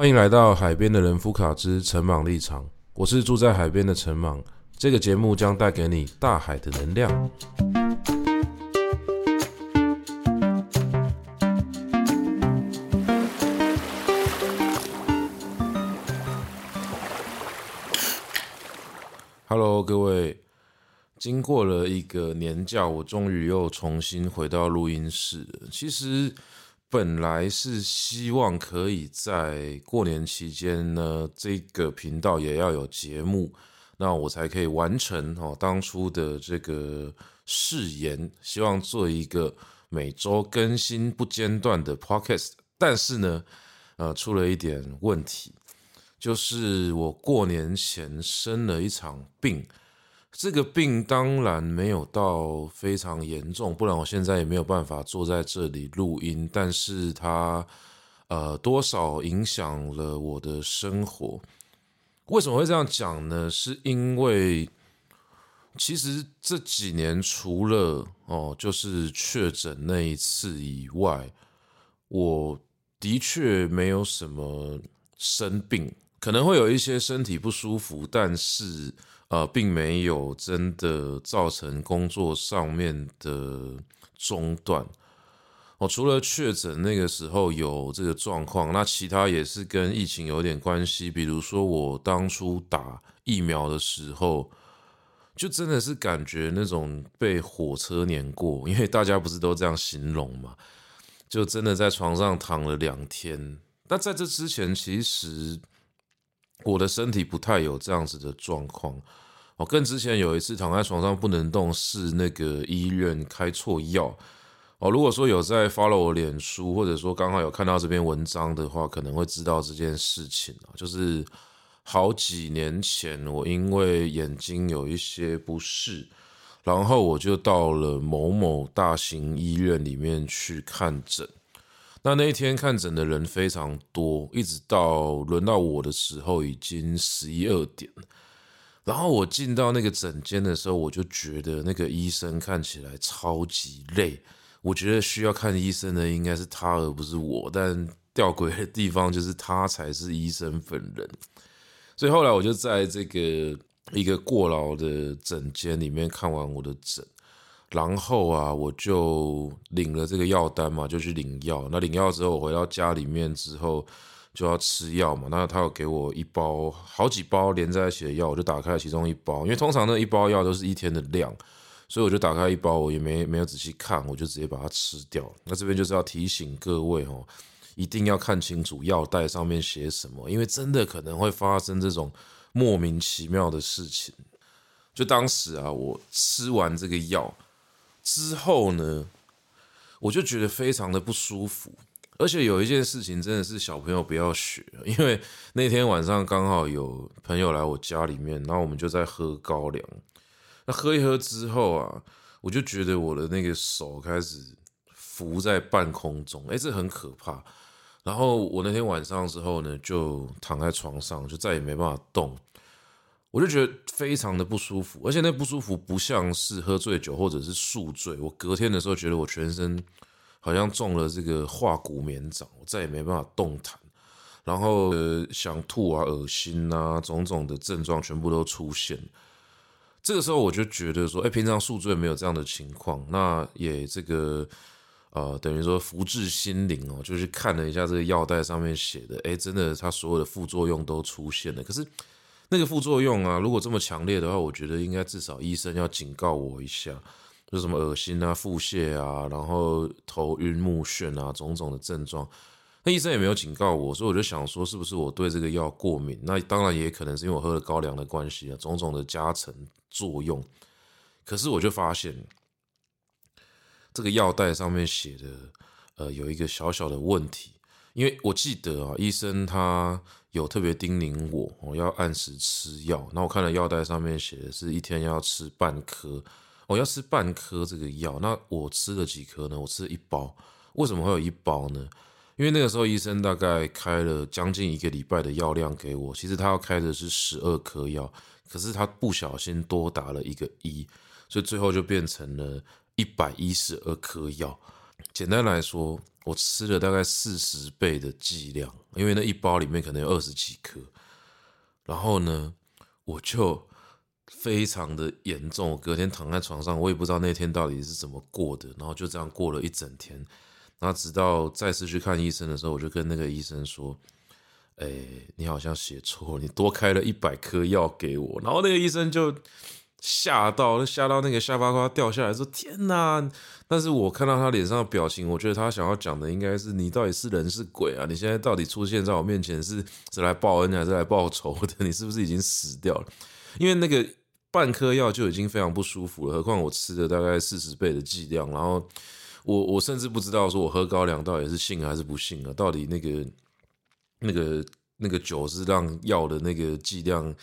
歡迎來到海邊的人夫卡之陳茻立場，我是住在海邊的陳茻。這個節目將帶給你大海的能量。Hello，各位，經過了一個年假，我終於又重新回到錄音室。其實，本來是希望可以在過年期間呢，這個頻道也要有節目，那我才可以完成哦當初的這個誓言，希望做一個每周更新不間斷的 Podcast。但是呢，呃，出了一點問題，就是我過年前生了一場病。這個病當然沒有到非常嚴重，不然我現在也沒有辦法坐在這裡錄音。但是它呃，多少影響了我的生活。為什麼會這樣講呢？是因為其實這幾年除了哦，就是確診那一次以外，我的確沒有什麼生病，可能會有一些身體不舒服，但是。呃，並沒有真的造成工作上面的中斷。我、哦、除了確診那個時候有這個狀況，那其他也是跟疫情有點關係。比如說我當初打疫苗的時候，就真的是感覺那種被火車碾過，因為大家不是都這樣形容嘛，就真的在床上躺了兩天。那在這之前，其實。我的身體不太有這樣子的狀況，我更之前有一次躺在床上不能動，是那個醫院開錯藥。哦，如果說有在 follow 我臉書，或者說剛好有看到這篇文章的話，可能會知道這件事情。就是好幾年前，我因為眼睛有一些不適，然後我就到了某某大型醫院裡面去看診。那那一天看診的人非常多，一直到輪到我的時候已經十一二點了。然後我進到那個診間的時候，我就覺得那個醫生看起來超級累。我覺得需要看醫生的應該是他，而不是我。但吊詭的地方就是他才是醫生本人。所以後來我就在這個一個過勞的診間裡面看完我的診。然後啊，我就領了這個藥單嘛，就去領藥。那領藥之後，我回到家裡面之後，就要吃藥嘛。那他有給我一包，好幾包連在一起的藥，我就打開了其中一包，因為通常那一包藥都是一天的量，所以我就打開一包，我也沒沒有仔細看，我就直接把它吃掉。那這邊就是要提醒各位哦，一定要看清楚藥袋上面寫什麼，因為真的可能會發生這種莫名其妙的事情。就當時啊，我吃完這個藥。之後呢，我就覺得非常的不舒服，而且有一件事情真的是小朋友不要學，因為那天晚上剛好有朋友來我家裡面，然後我們就在喝高粱，那喝一喝之後啊，我就覺得我的那個手開始浮在半空中，哎、欸，這很可怕。然後我那天晚上之後呢，就躺在床上，就再也沒辦法動。我就覺得非常的不舒服，而且那不舒服不像是喝醉酒或者是宿醉。我隔天的時候覺得我全身好像中了這個化骨綿掌，我再也沒辦法動彈，然後呃想吐啊、噁心啊，種種的症狀全部都出現。這個時候我就覺得說，哎，平常宿醉沒有這樣的情況，那也這個呃等於說福至心靈哦，就是看了一下這個藥袋上面寫的，哎，真的，它所有的副作用都出現了，可是。那個副作用啊，如果這麼強烈的話，我覺得應該至少醫生要警告我一下，就什麼噁心啊、腹瀉啊，然後頭暈目眩啊，種種的症狀。那醫生也沒有警告我，所以我就想說，是不是我對這個藥過敏？那當然也可能是因為我喝了高粱的關係啊，種種的加成作用。可是我就發現，這個藥袋上面寫的，呃，有一個小小的問題，因為我記得啊，醫生他。有特別叮嚀我，我、哦、要按時吃藥。那我看了藥袋上面寫的是一天要吃半顆，我、哦、要吃半顆這個藥。那我吃了幾顆呢？我吃了一包。為什麼會有一包呢？因為那個時候醫生大概開了將近一個禮拜的藥量給我。其實他要開的是十二顆藥，可是他不小心多打了一個一，所以最後就變成了一百一十二顆藥。簡單來說，我吃了大概四十倍的劑量，因為那一包裡面可能有二十幾顆。然後呢，我就非常的嚴重，我隔天躺在床上，我也不知道那天到底是怎麼過的，然後就這樣過了一整天。然後直到再次去看醫生的時候，我就跟那個醫生說：“哎、欸，你好像寫錯了，你多開了一百顆藥給我。”然後那個醫生就。嚇到，嚇到那個下巴快掉下來，說：“天哪、啊！”但是我看到他臉上的表情，我覺得他想要講的應該是：“你到底是人是鬼啊？你現在到底出現在我面前是是來報恩還、啊、是來報仇的？你是不是已經死掉了？因為那個半顆藥就已經非常不舒服了，何況我吃了大概四十倍的劑量。然後我我甚至不知道說我喝高粱到底是信、啊、還是不信啊？到底那個那個那個酒是讓藥的那個劑量。”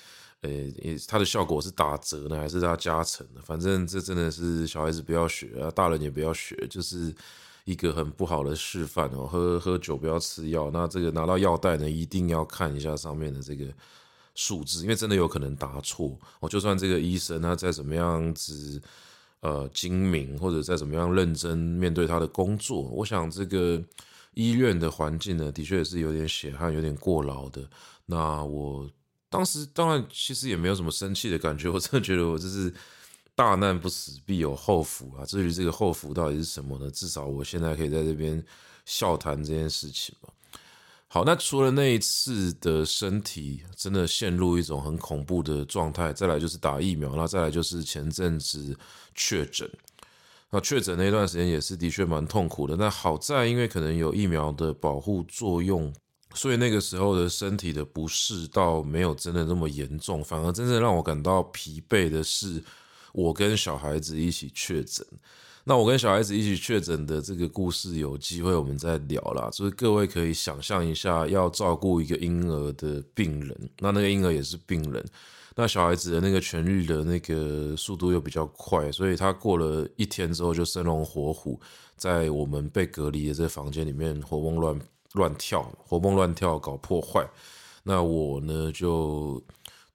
呃，也它的效果是打折呢，還是它加成呢？反正這真的是小孩子不要學啊，大人也不要學，就是一個很不好的示範哦。喝喝酒不要吃藥，那這個拿到藥袋呢，一定要看一下上面的這個數字，因為真的有可能打錯哦，就算這個醫生他再怎麼樣子，呃，精明或者再怎麼樣認真面對他的工作，我想這個醫院的環境呢，的確是有點血汗，有點過勞的。那我。當時當然其實也沒有什麼生氣、的感覺，我真的覺得我這是大難不死必有後福啊。至於這個後福到底是什麼呢？至少我現在可以在這邊笑談這件事情吧。好，那除了那一次的身體真的陷入一種很恐怖的狀態，再來就是打疫苗，那再來就是前陣子確診。那確診那段時間也是的確蠻痛苦的。那好在因為可能有疫苗的保護作用。所以那個時候的身體的不適倒沒有真的那麼嚴重，反而真正讓我感到疲憊的是，我跟小孩子一起確診。那我跟小孩子一起確診的這個故事有機會我們再聊啦。就是各位可以想象一下，要照顧一個嬰兒的病人，那那個嬰兒也是病人。那小孩子的那個痊癒的那個速度又比較快，所以他過了一天之後就生龍活虎，在我們被隔離的這個房間裡面活蹦亂，亂亂跳，活蹦亂跳，搞破壞。那我呢，就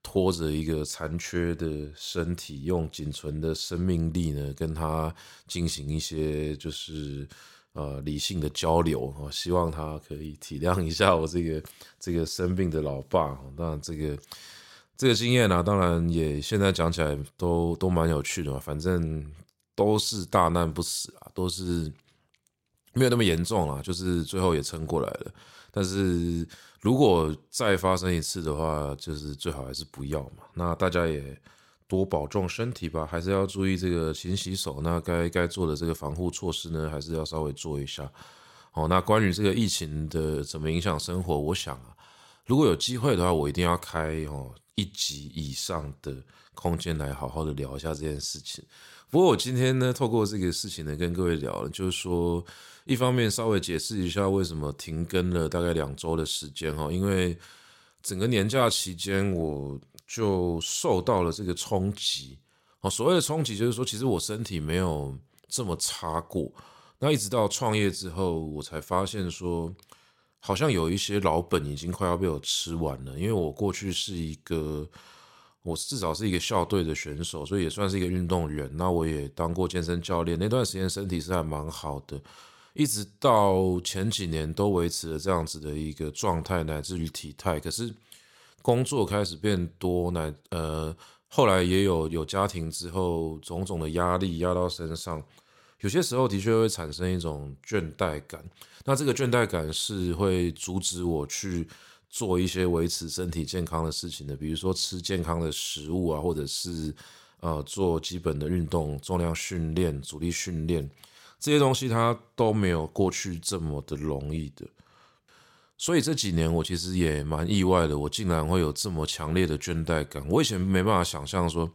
拖着一個殘缺的身體，用僅存的生命力呢，跟他進行一些就是呃理性的交流啊，希望他可以體諒一下我這個這個生病的老爸。那這個這個經驗呢啊，當然也現在講起來都都蠻有趣的嘛，反正都是大難不死啊，都是。沒有那麼嚴重啦、啊，就是最後也撐過來了。但是如果再發生一次的話，就是最好還是不要嘛。那大家也多保重身體吧，還是要注意這個勤洗手。那該該做的這個防護措施呢，還是要稍微做一下。好、哦，那關於這個疫情的怎麼影響生活，我想啊，如果有機會的話，我一定要開哦一集以上的空間來好好的聊一下這件事情。不過我今天呢，透過這個事情呢，跟各位聊了，就是說。一方面稍微解釋一下為什麼停更了大概兩週的時間哦，因為整個年假期間我就受到了這個衝擊。哦，所謂的衝擊就是說，其實我身體沒有這麼差過。那一直到創業之後，我才發現說，好像有一些老本已經快要被我吃完了。因為我過去是一個，我至少是一個校隊的選手，所以也算是一個運動員。那我也當過健身教練，那段時間身體是還蠻好的。一直到前幾年都維持了這樣子的一個狀態，乃至於體態。可是工作開始變多，來，呃，後來也有有家庭之後，種種的壓力壓到身上，有些時候的確會產生一種倦怠感。那這個倦怠感是會阻止我去做一些維持身體健康的事情的，比如說吃健康的食物啊，或者是呃做基本的運動、重量訓練、阻力訓練。這些東西它都沒有過去這麼的容易的，所以這幾年我其實也蠻意外的，我竟然會有這麼強烈的倦怠感。我以前沒辦法想象說，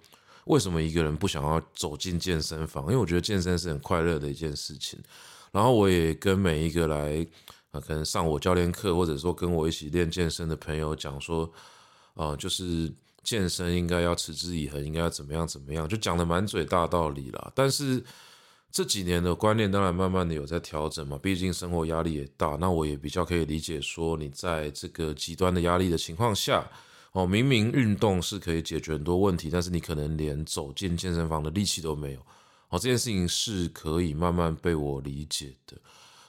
為什麼一個人不想要走進健身房，因為我覺得健身是很快樂的一件事情。然後我也跟每一個來，呃，可能上我教練課或者說跟我一起練健身的朋友講說，呃，就是健身應該要持之以恆，應該要怎麼樣怎麼樣，就講得滿嘴大道理了，但是。這幾年的觀念當然慢慢的有在調整嘛，畢竟生活壓力也大。那我也比較可以理解，說你在這個極端的壓力的情況下，哦，明明運動是可以解決很多問題，但是你可能連走進健身房的力氣都沒有。哦，這件事情是可以慢慢被我理解的。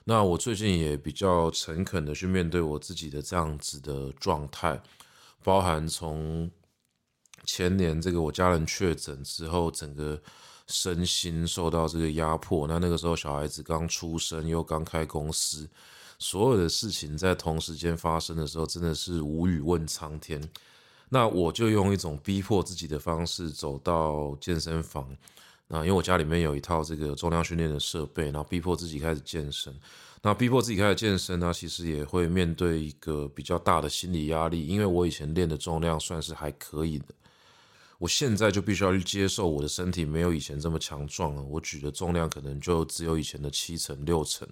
那我最近也比較誠懇地去面對我自己的這樣子的狀態，包含從前年這個我家人確診之後，整個。身心受到這個壓迫，那那個時候小孩子剛出生，又剛開公司，所有的事情在同時間發生的時候，真的是無語問蒼天。那我就用一種逼迫自己的方式走到健身房，那因為我家裡面有一套這個重量訓練的設備，然後逼迫自己開始健身。那逼迫自己開始健身呢，其實也會面對一個比較大的心理壓力，因為我以前練的重量算是還可以的。我現在就必須要去接受我的身體沒有以前這麼強壯了，我舉的重量可能就只有以前的七成六成。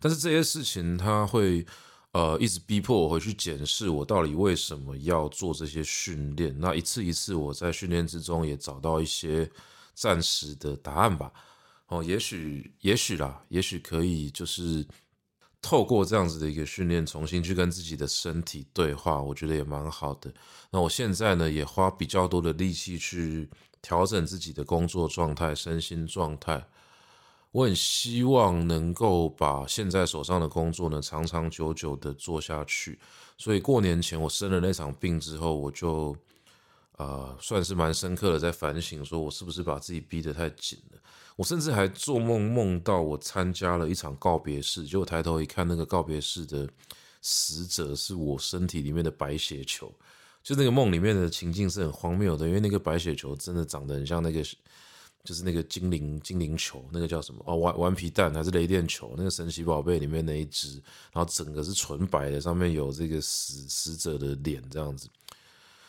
但是這些事情，它會呃一直逼迫我回去檢視我到底為什麼要做這些訓練。那一次一次，我在訓練之中也找到一些暫時的答案吧。哦，也許，也許啦，也許可以，就是。透過這樣子的一個訓練，重新去跟自己的身體對話，我覺得也蠻好的。那我現在呢，也花比較多的力氣去調整自己的工作狀態、身心狀態。我很希望能夠把現在手上的工作呢，長長久久的做下去。所以過年前我生了那場病之後，我就呃，算是蠻深刻的在反省，說我是不是把自己逼得太緊了。我甚至還做夢夢到我參加了一場告別式，結果抬頭一看，那個告別式的死者是我身體裡面的白血球。就那個夢裡面的情境是很荒謬的，因為那個白血球真的長得很像那個，就是那個精靈精靈球，那個叫什麼？哦，頑頑皮蛋還是雷電球？那個神奇寶貝裡面的那一只，然後整個是純白的，上面有這個死死者的臉，這樣子，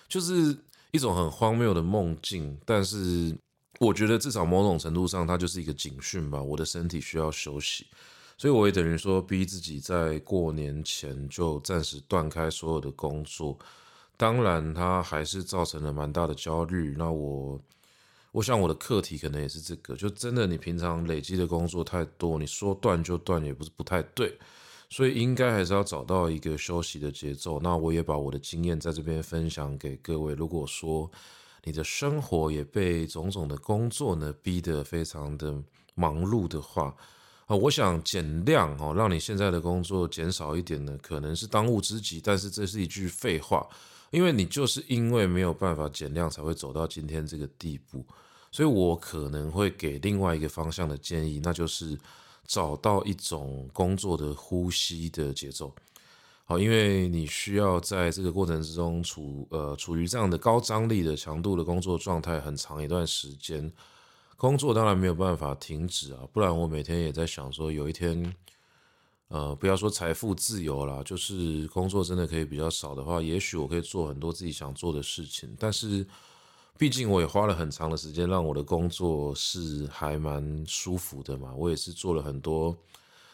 就是一種很荒謬的夢境，但是。我覺得至少某種程度上，它就是一個警訊吧。我的身體需要休息，所以我也等於說逼自己在過年前就暫時斷開所有的工作。當然，它還是造成了蠻大的焦慮。那我，我想我的課題可能也是這個，就真的你平常累積的工作太多，你說斷就斷也不是不太對，所以應該還是要找到一個休息的節奏。那我也把我的經驗在這邊分享給各位。如果說，你的生活也被種種的工作呢，逼得非常的忙碌的話，啊，我想減量哦，讓你現在的工作減少一點呢，可能是當務之急，但是這是一句廢話，因為你就是因為沒有辦法減量才會走到今天這個地步。所以我可能會給另外一個方向的建議，那就是找到一種工作的呼吸的節奏。好，因為你需要在這個過程之中處呃處於這樣的高張力的強度的工作狀態很長一段時間，工作當然沒有辦法停止啊，不然我每天也在想說有一天，呃，不要說財富自由啦，就是工作真的可以比較少的話，也許我可以做很多自己想做的事情。但是，畢竟我也花了很長的時間讓我的工作是還蠻舒服的嘛，我也是做了很多。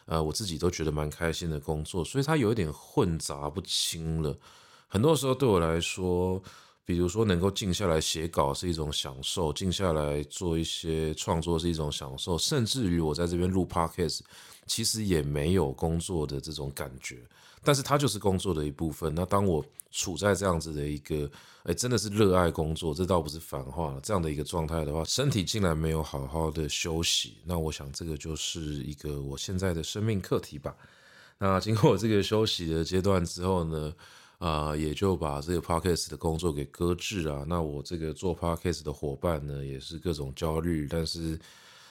呃，我自己都覺得蠻開心的工作，所以它有一點混雜不清了。很多時候對我來說，比如說能夠靜下來寫稿是一種享受，靜下來做一些創作是一種享受，甚至於我在這邊錄 Podcast，其實也沒有工作的這種感覺。但是它就是工作的一部分。那當我處在這樣子的一個，誒，真的是熱愛工作，這倒不是反話了，這樣的一個狀態的話，身體竟然沒有好好的休息。那我想這個就是一個我現在的生命課題吧。那經過我這個休息的階段之後呢，啊、呃，也就把這個 podcast 的工作給擱置了、啊。那我這個做 podcast 的夥伴呢，也是各種焦慮，但是。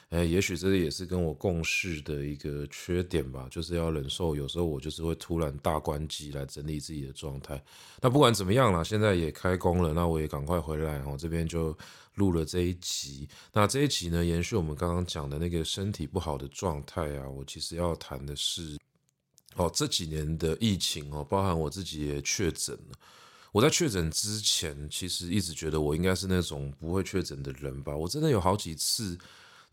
誒、欸，也許這也是跟我共事的一個缺點吧，就是要忍受。有時候我就是會突然大關機來整理自己的狀態。那不管怎麼樣啦，現在也開工了，那我也趕快回來，我這邊就錄了這一集。那這一集呢，延續我們剛剛講的那個身體不好的狀態啊，我其實要談的是，哦，這幾年的疫情哦，包含我自己也確診了。我在確診之前，其實一直覺得我應該是那種不會確診的人吧。我真的有好幾次。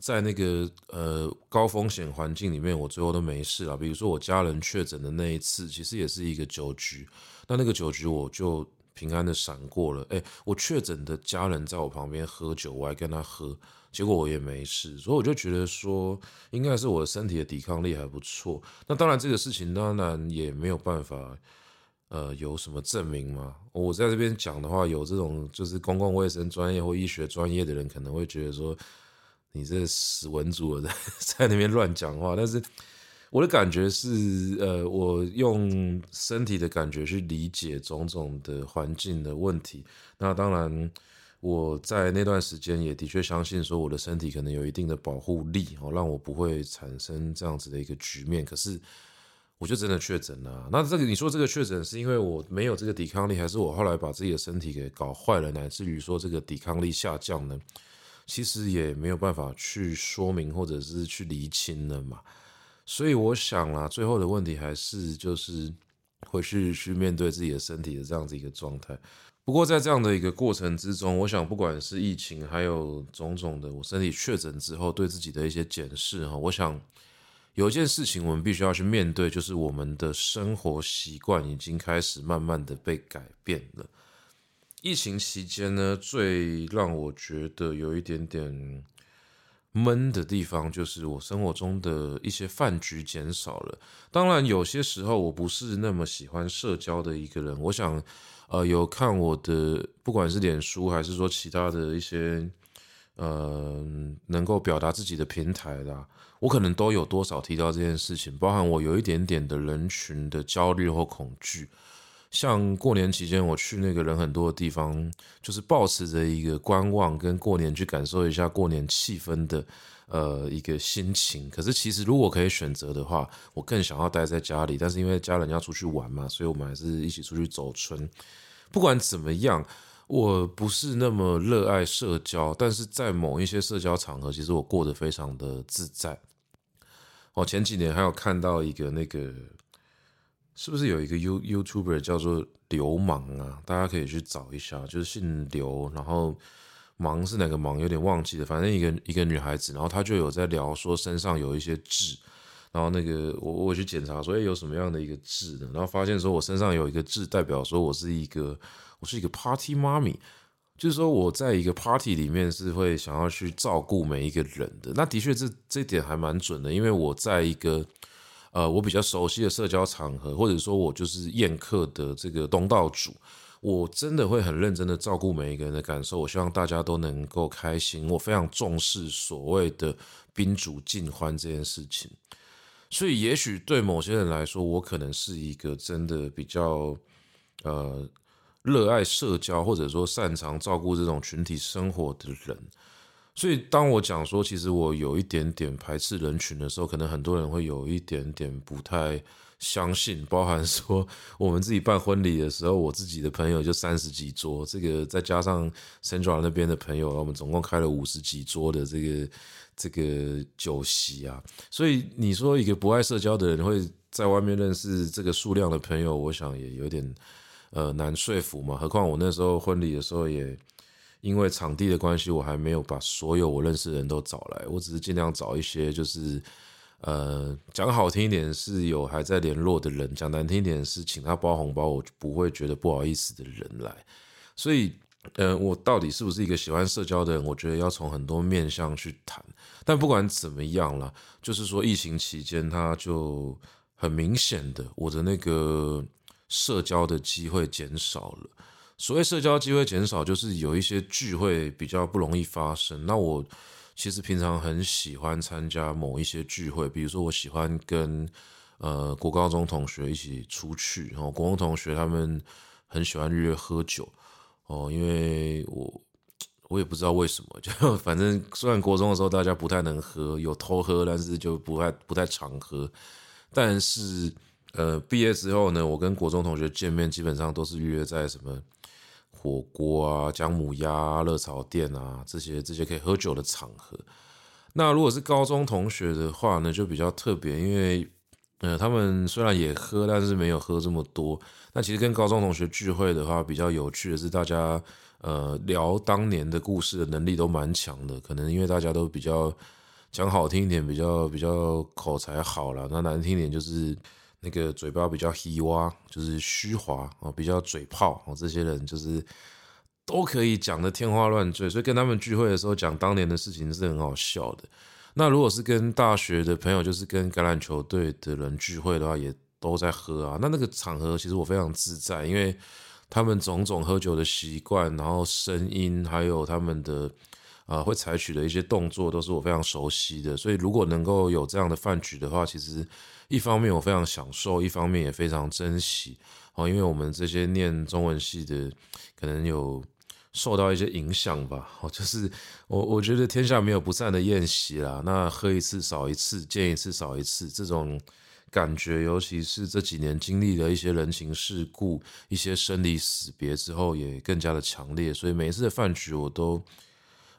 在那個呃高風險環境裡面，我最後都沒事了。比如說我家人確診的那一次，其實也是一個酒局，那那個酒局我就平安地閃過了。誒，我確診的家人在我旁邊喝酒，我還跟他喝，結果我也沒事，所以我就覺得說，應該是我的身體的抵抗力還不錯。那當然這個事情當然也沒有辦法，呃，有什麼證明嗎？我在這邊講的話，有這種就是公共衛生專業或醫學專業的人可能會覺得說。你這死文組，在在那邊亂講話，但是我的感覺是，呃，我用身體的感覺去理解種種的環境的問題。那當然，我在那段時間也的確相信說，我的身體可能有一定的保護力，哦，讓我不會產生這樣子的一個局面。可是，我就真的確診了。那這個你說這個確診是因為我沒有這個抵抗力，還是我後來把自己的身體給搞壞了，乃至於說這個抵抗力下降呢？其實也沒有辦法去說明或者是去釐清的嘛，所以我想啊，最後的問題還是就是回去去面對自己的身體的這樣子一個狀態。不過在這樣的一個過程之中，我想不管是疫情，還有種種的，我身體確診之後對自己的一些檢視哈，我想有一件事情我們必須要去面對，就是我們的生活習慣已經開始慢慢的被改變了。疫情期間呢，最讓我覺得有一點點悶的地方，就是我生活中的一些飯局減少了。當然，有些時候我不是那麼喜歡社交的一個人。我想，呃，有看我的，不管是臉書還是說其他的一些，呃，能夠表達自己的平台的啊，我可能都有多少提到這件事情，包含我有一點點的人群的焦慮或恐懼。像過年期間，我去那個人很多的地方，就是抱持着一個觀望，跟過年去感受一下過年氣氛的，呃，一個心情。可是其實如果可以選擇的話，我更想要待在家裡。但是因為家人要出去玩嘛，所以我們還是一起出去走春。不管怎麼樣，我不是那麼熱愛社交，但是在某一些社交場合，其實我過得非常的自在。哦，前幾年還有看到一個那個。是不是有一個 You YouTuber 叫做流氓啊？大家可以去找一下，就是姓劉，然後氓是哪個氓，有點忘記了，反正一個一個女孩子，然後她就有在聊說身上有一些痣，然後那個我我去檢查所以有什麼樣的一個痣呢？然後發現說我身上有一個痣，代表說我是一個我是一個 Party 媽咪，就是說我在一個 Party 裡面是會想要去照顧每一個人的。那的確這這點還蠻準的，因為我在一個。呃，我比較熟悉的社交場合，或者說我就是宴客的這個東道主，我真的會很認真的照顧每一個人的感受。我希望大家都能夠開心。我非常重視所謂的賓主盡歡這件事情。所以，也許對某些人來說，我可能是一個真的比較呃熱愛社交，或者說擅長照顧這種群體生活的人。所以，當我講說，其實我有一點點排斥人群的時候，可能很多人會有一點點不太相信。包含說，我們自己辦婚禮的時候，我自己的朋友就三十幾桌，這個再加上 Central 那邊的朋友，我們總共開了五十幾桌的這個這個酒席啊。所以，你說一個不愛社交的人會在外面認識這個數量的朋友，我想也有點呃難說服嘛。何況我那時候婚禮的時候也。因為場地的關係，我還沒有把所有我認識的人都找來，我只是盡量找一些，就是，呃，講好聽一點是有還在聯絡的人，講難聽一點是請他包紅包，我不會覺得不好意思的人來。所以，呃，我到底是不是一個喜歡社交的人？我覺得要從很多面向去談。但不管怎麼樣了，就是說疫情期間，他就很明顯的我的那個社交的機會減少了。所謂社交機會減少，就是有一些聚會比較不容易發生。那我其實平常很喜歡參加某一些聚會，比如說我喜歡跟呃國高中同學一起出去。哦，國中同學他們很喜歡約喝酒，哦，因為我我也不知道為什麼，就反正雖然國中的時候大家不太能喝，有偷喝，但是就不太不太常喝。但是呃畢業之後呢，我跟國中同學見面基本上都是約在什麼？火鍋啊、薑母鴨啊、熱炒店啊，這些這些可以喝酒的場合。那如果是高中同學的話呢，就比較特別，因為呃，他們雖然也喝，但是沒有喝這麼多。但其實跟高中同學聚會的話，比較有趣的是，大家呃聊當年的故事的能力都蠻強的。可能因為大家都比較講好聽一點，比較比較口才好了。那難聽點就是。那個嘴巴比較黑哇，就是虛滑哦，比較嘴炮，這些人就是都可以講得天花亂墜，所以跟他們聚會的時候講當年的事情是很好笑的。那如果是跟大學的朋友，就是跟橄欖球隊的人聚會的話，也都在喝啊。那那個場合其實我非常自在，因為他們種種喝酒的習慣，然後聲音，還有他們的啊、呃，會採取的一些動作，都是我非常熟悉的。所以如果能夠有這樣的飯局的話，其實。一方面我非常享受，一方面也非常珍惜，因為我們這些念中文系的，可能有受到一些影響吧。哦，就是我我覺得天下沒有不散的宴席啦，那喝一次少一次，見一次少一次，這種感覺，尤其是這幾年經歷了一些人情世故、一些生離死別之後，也更加的強烈。所以每一次的飯局，我都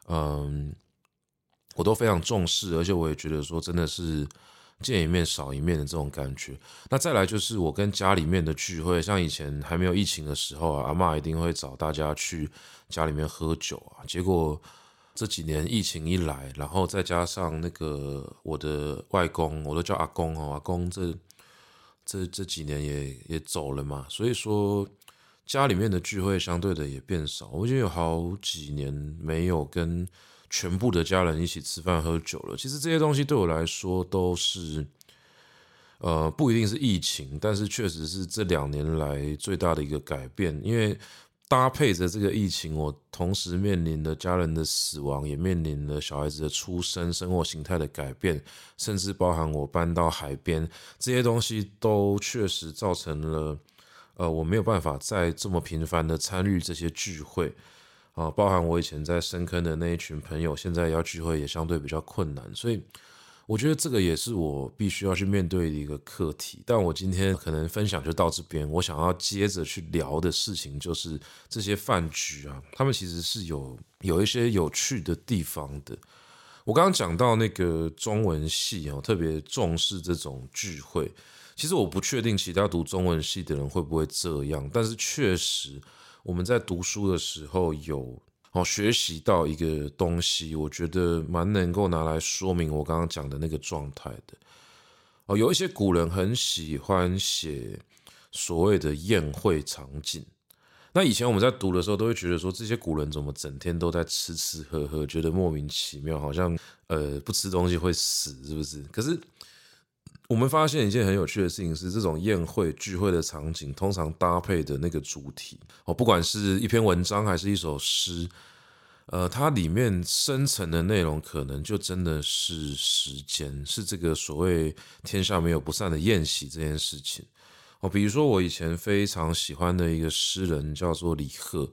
嗯，我都非常重視，而且我也覺得說真的是。見一面少一面的這種感覺，那再來就是我跟家裡面的聚會，像以前還沒有疫情的時候啊，阿嬤一定會找大家去家裡面喝酒啊。結果這幾年疫情一來，然後再加上那個我的外公，我都叫阿公哦、喔，阿公這這這幾年也也走了嘛，所以說家裡面的聚會相對的也變少，我已經有好幾年沒有跟。全部的家人一起吃飯喝酒了。其實這些東西對我來說都是，呃，不一定是疫情，但是確實是這兩年來最大的一個改變。因為搭配着這個疫情，我同時面臨了家人的死亡，也面臨了小孩子的出生，生活形態的改變，甚至包含我搬到海邊，這些東西都確實造成了，呃，我沒有辦法再這麼頻繁的參與這些聚會。啊，包含我以前在深坑的那一群朋友，現在要聚會也相對比較困難，所以我覺得這個也是我必須要去面對的一個課題。但我今天可能分享就到這邊，我想要接着去聊的事情就是這些飯局啊，他們其實是有有一些有趣的地方的。我剛剛講到那個中文系哦，特別重視這種聚會，其實我不確定其他讀中文系的人會不會這樣，但是確實。我們在讀書的時候有哦學習到一個東西，我覺得蠻能夠拿來說明我剛剛講的那個狀態的哦。有一些古人很喜歡寫所謂的宴會場景，那以前我們在讀的時候都會覺得說，這些古人怎麼整天都在吃吃喝喝，覺得莫名其妙，好像呃不吃東西會死，是不是？可是。我們發現一件很有趣的事情是，這種宴會聚會的場景通常搭配的那個主題哦，不管是一篇文章還是一首詩，呃，它裡面深層的內容可能就真的是時間，是這個所謂“天下沒有不散的宴席”這件事情哦。比如說，我以前非常喜歡的一個詩人叫做李賀。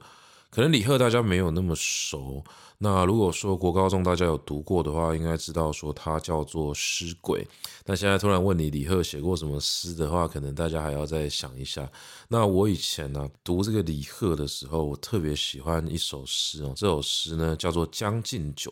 可能李賀大家沒有那麼熟，那如果說國高中大家有讀過的話，應該知道說他叫做詩鬼。但現在突然問你李賀寫過什麼詩的話，可能大家還要再想一下。那我以前呢、啊、讀這個李賀的時候，我特別喜歡一首詩哦，這首詩呢叫做《將進酒》。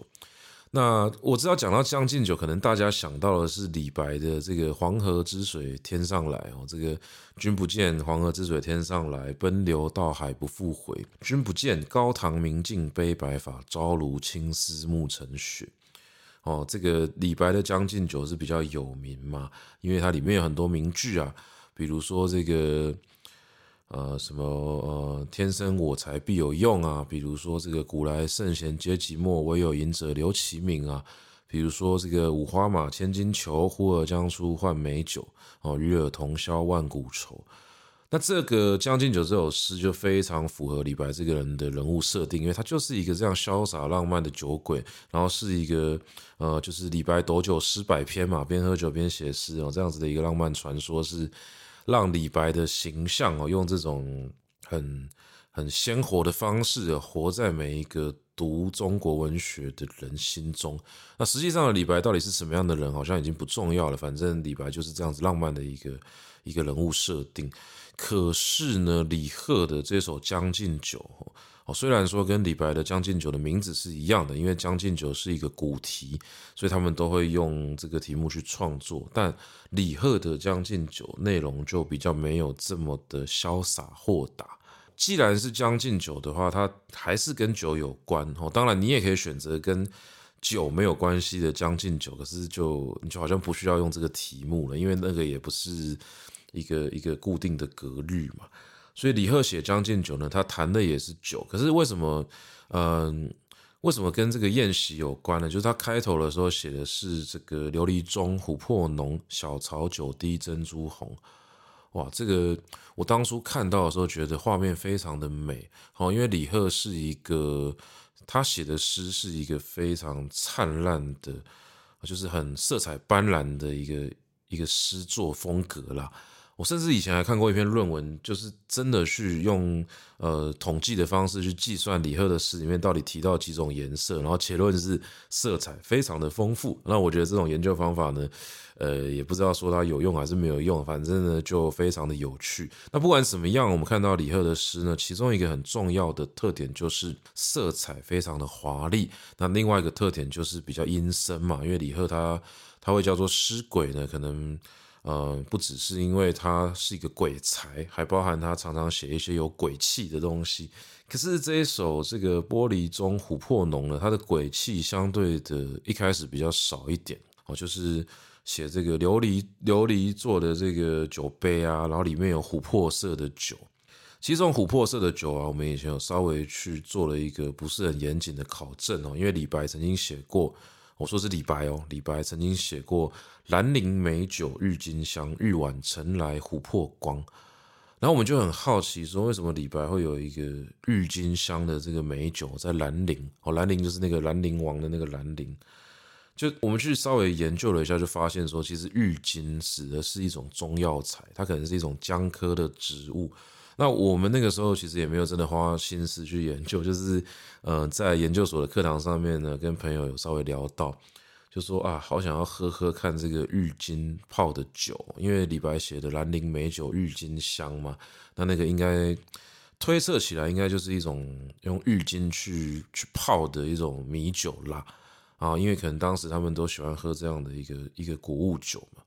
那我知道講到《將進酒》，可能大家想到的是李白的這個“黃河之水天上來”哦，這個“君不見黃河之水天上來，奔流到海不復回”，“君不見高堂明鏡悲白髮，朝如青絲暮成雪”哦，這個李白的《將進酒》是比較有名嘛，因為它裡面有很多名句啊，比如說這個。呃，什麼呃，天生我材必有用啊，比如說這個古來聖賢皆寂寞，惟有飲者留其名啊，比如說這個五花馬，千金裘，呼兒將出換美酒，呃，與爾同銷萬古愁。那這個《將進酒》這首詩就非常符合李白這個人的人物設定，因為他就是一個這樣瀟灑浪漫的酒鬼，然後是一個呃，就是李白斗酒詩百篇嘛，邊喝酒邊寫詩哦，這樣子的一個浪漫傳說是。讓李白的形象哦，用這種很很鮮活的方式的活在每一個讀中國文學的人心中。那實際上李白到底是什麼樣的人，好像已經不重要了。反正李白就是這樣子浪漫的一個一個人物設定。可是呢，李賀的這首《將進酒》。雖然說跟李白的《將進酒》的名字是一樣的，因為《將進酒》是一個古題，所以他們都會用這個題目去創作。但李賀的《將進酒》內容就比較沒有這麼的瀟灑豁達。既然是《將進酒》的話，它還是跟酒有關。哦，當然你也可以選擇跟酒沒有關係的《將進酒》，可是就你就好像不需要用這個題目了，因為那個也不是一個一個固定的格律嘛。所以李賀寫《將進酒》呢，他談的也是酒，可是為什麼，嗯、呃，為什麼跟這個宴席有關呢？就是他開頭的時候寫的是這個“琉璃鐘，琥珀濃，小槽酒滴珍珠紅”。哇，這個我當初看到的時候覺得畫面非常的美，好、哦，因為李賀是一個他寫的詩是一個非常燦爛的，就是很色彩斑斕的一個一個詩作風格啦。我甚至以前還看過一篇論文，就是真的去用呃統計的方式去計算李賀的詩裡面到底提到幾種顏色，然後結論是色彩非常的豐富。那我覺得這種研究方法呢，呃，也不知道說它有用還是沒有用，反正呢就非常的有趣。那不管怎麼樣，我們看到李賀的詩呢，其中一個很重要的特點就是色彩非常的華麗，那另外一個特點就是比較陰森嘛，因為李賀他他會叫做詩鬼呢，可能。呃，不只是因為他是一個鬼才，還包含他常常寫一些有鬼氣的東西。可是這一首這個玻璃中琥珀濃了，它的鬼氣相對的一開始比較少一點哦，就是寫這個琉璃琉璃做的這個酒杯啊，然後裡面有琥珀色的酒。其實這種琥珀色的酒啊，我們以前有稍微去做了一個不是很嚴謹的考證哦，因為李白曾經寫過。我說是李白哦，李白曾經寫過“蘭陵美酒鬱金香，玉碗盛來琥珀光”。然後我們就很好奇，說為什麼李白會有一個鬱金香的這個美酒在蘭陵？哦，蘭陵就是那個蘭陵王的那個蘭陵。就我們去稍微研究了一下，就發現說，其實鬱金指的是一種中藥材，它可能是一種薑科的植物。那我們那個時候其實也沒有真的花心思去研究，就是，呃，在研究所的課堂上面呢，跟朋友有稍微聊到，就說啊，好想要喝喝看這個鬱金泡的酒，因為李白寫的蘭陵美酒鬱金香嘛，那那個應該推測起來應該就是一種用鬱金去去泡的一種米酒啦，啊，因為可能當時他們都喜歡喝這樣的一個一個穀物酒嘛。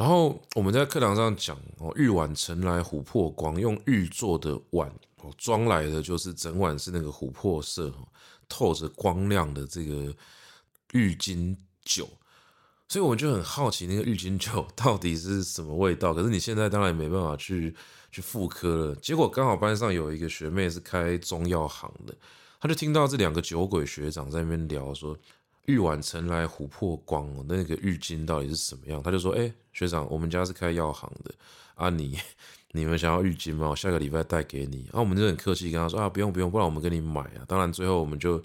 然後我們在課堂上講哦，玉碗盛來琥珀光，用玉做的碗哦裝來的，就是整碗是那個琥珀色，透着光亮的這個鬱金酒。所以我們就很好奇那個鬱金酒到底是什麼味道。可是你現在當然沒辦法去去復刻了。結果剛好班上有一個學妹是開中藥行的，她就聽到這兩個酒鬼學長在那邊聊說。玉碗盛來琥珀光，那個鬱金到底是什麼樣？他就說：“哎、欸，學長，我們家是開藥行的啊，你，你你們想要鬱金嗎？我下個禮拜帶給你。啊”然後我們就很客氣跟他說：“啊，不用不用，不然我們給你買啊。”當然最後我們就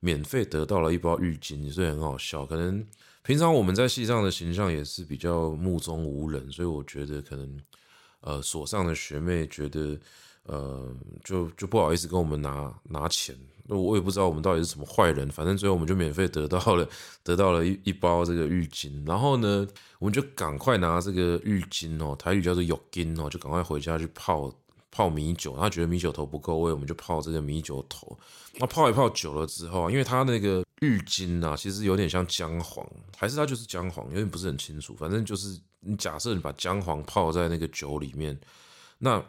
免費得到了一包鬱金，所以很好笑。可能平常我們在系上的形象也是比較目中無人，所以我覺得可能呃所上的學妹覺得呃就就不好意思跟我們拿拿錢。那我也不知道我們到底是什麼壞人，反正最後我們就免費得到了得到了一一包這個浴巾，然後呢，我們就趕快拿這個浴巾哦，台語叫做浴巾哦，就趕快回家去泡泡米酒，他覺得米酒頭不夠味，我們就泡這個米酒頭，那泡一泡久了之後，因為它那個浴巾啊，其實有點像薑黃，還是它就是薑黃，有點不是很清楚，反正就是你假設你把薑黃泡在那個酒裡面，那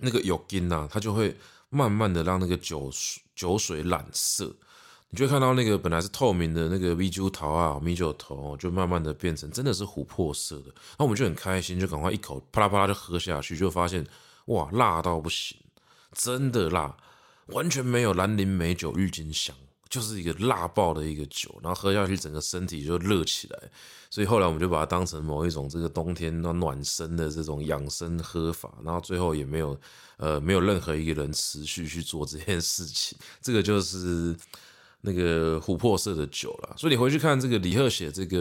那個浴巾呢、啊，它就會。慢慢的讓那個酒酒水染色，你就會看到那個本來是透明的那個米酒頭啊，米酒頭，就慢慢的變成真的是琥珀色的。那我們就很開心，就趕快一口啪啦啪啦就喝下去，就發現哇，辣到不行，真的辣，完全沒有蘭陵美酒鬱金香。就是一個辣爆的一個酒，然後喝下去整個身體就熱起來，所以後來我們就把它當成某一種這個冬天暖身的這種養生喝法，然後最後也沒有，呃，沒有任何一個人持續去做這件事情。這個就是那個琥珀色的酒啦。所以你回去看這個李賀寫這個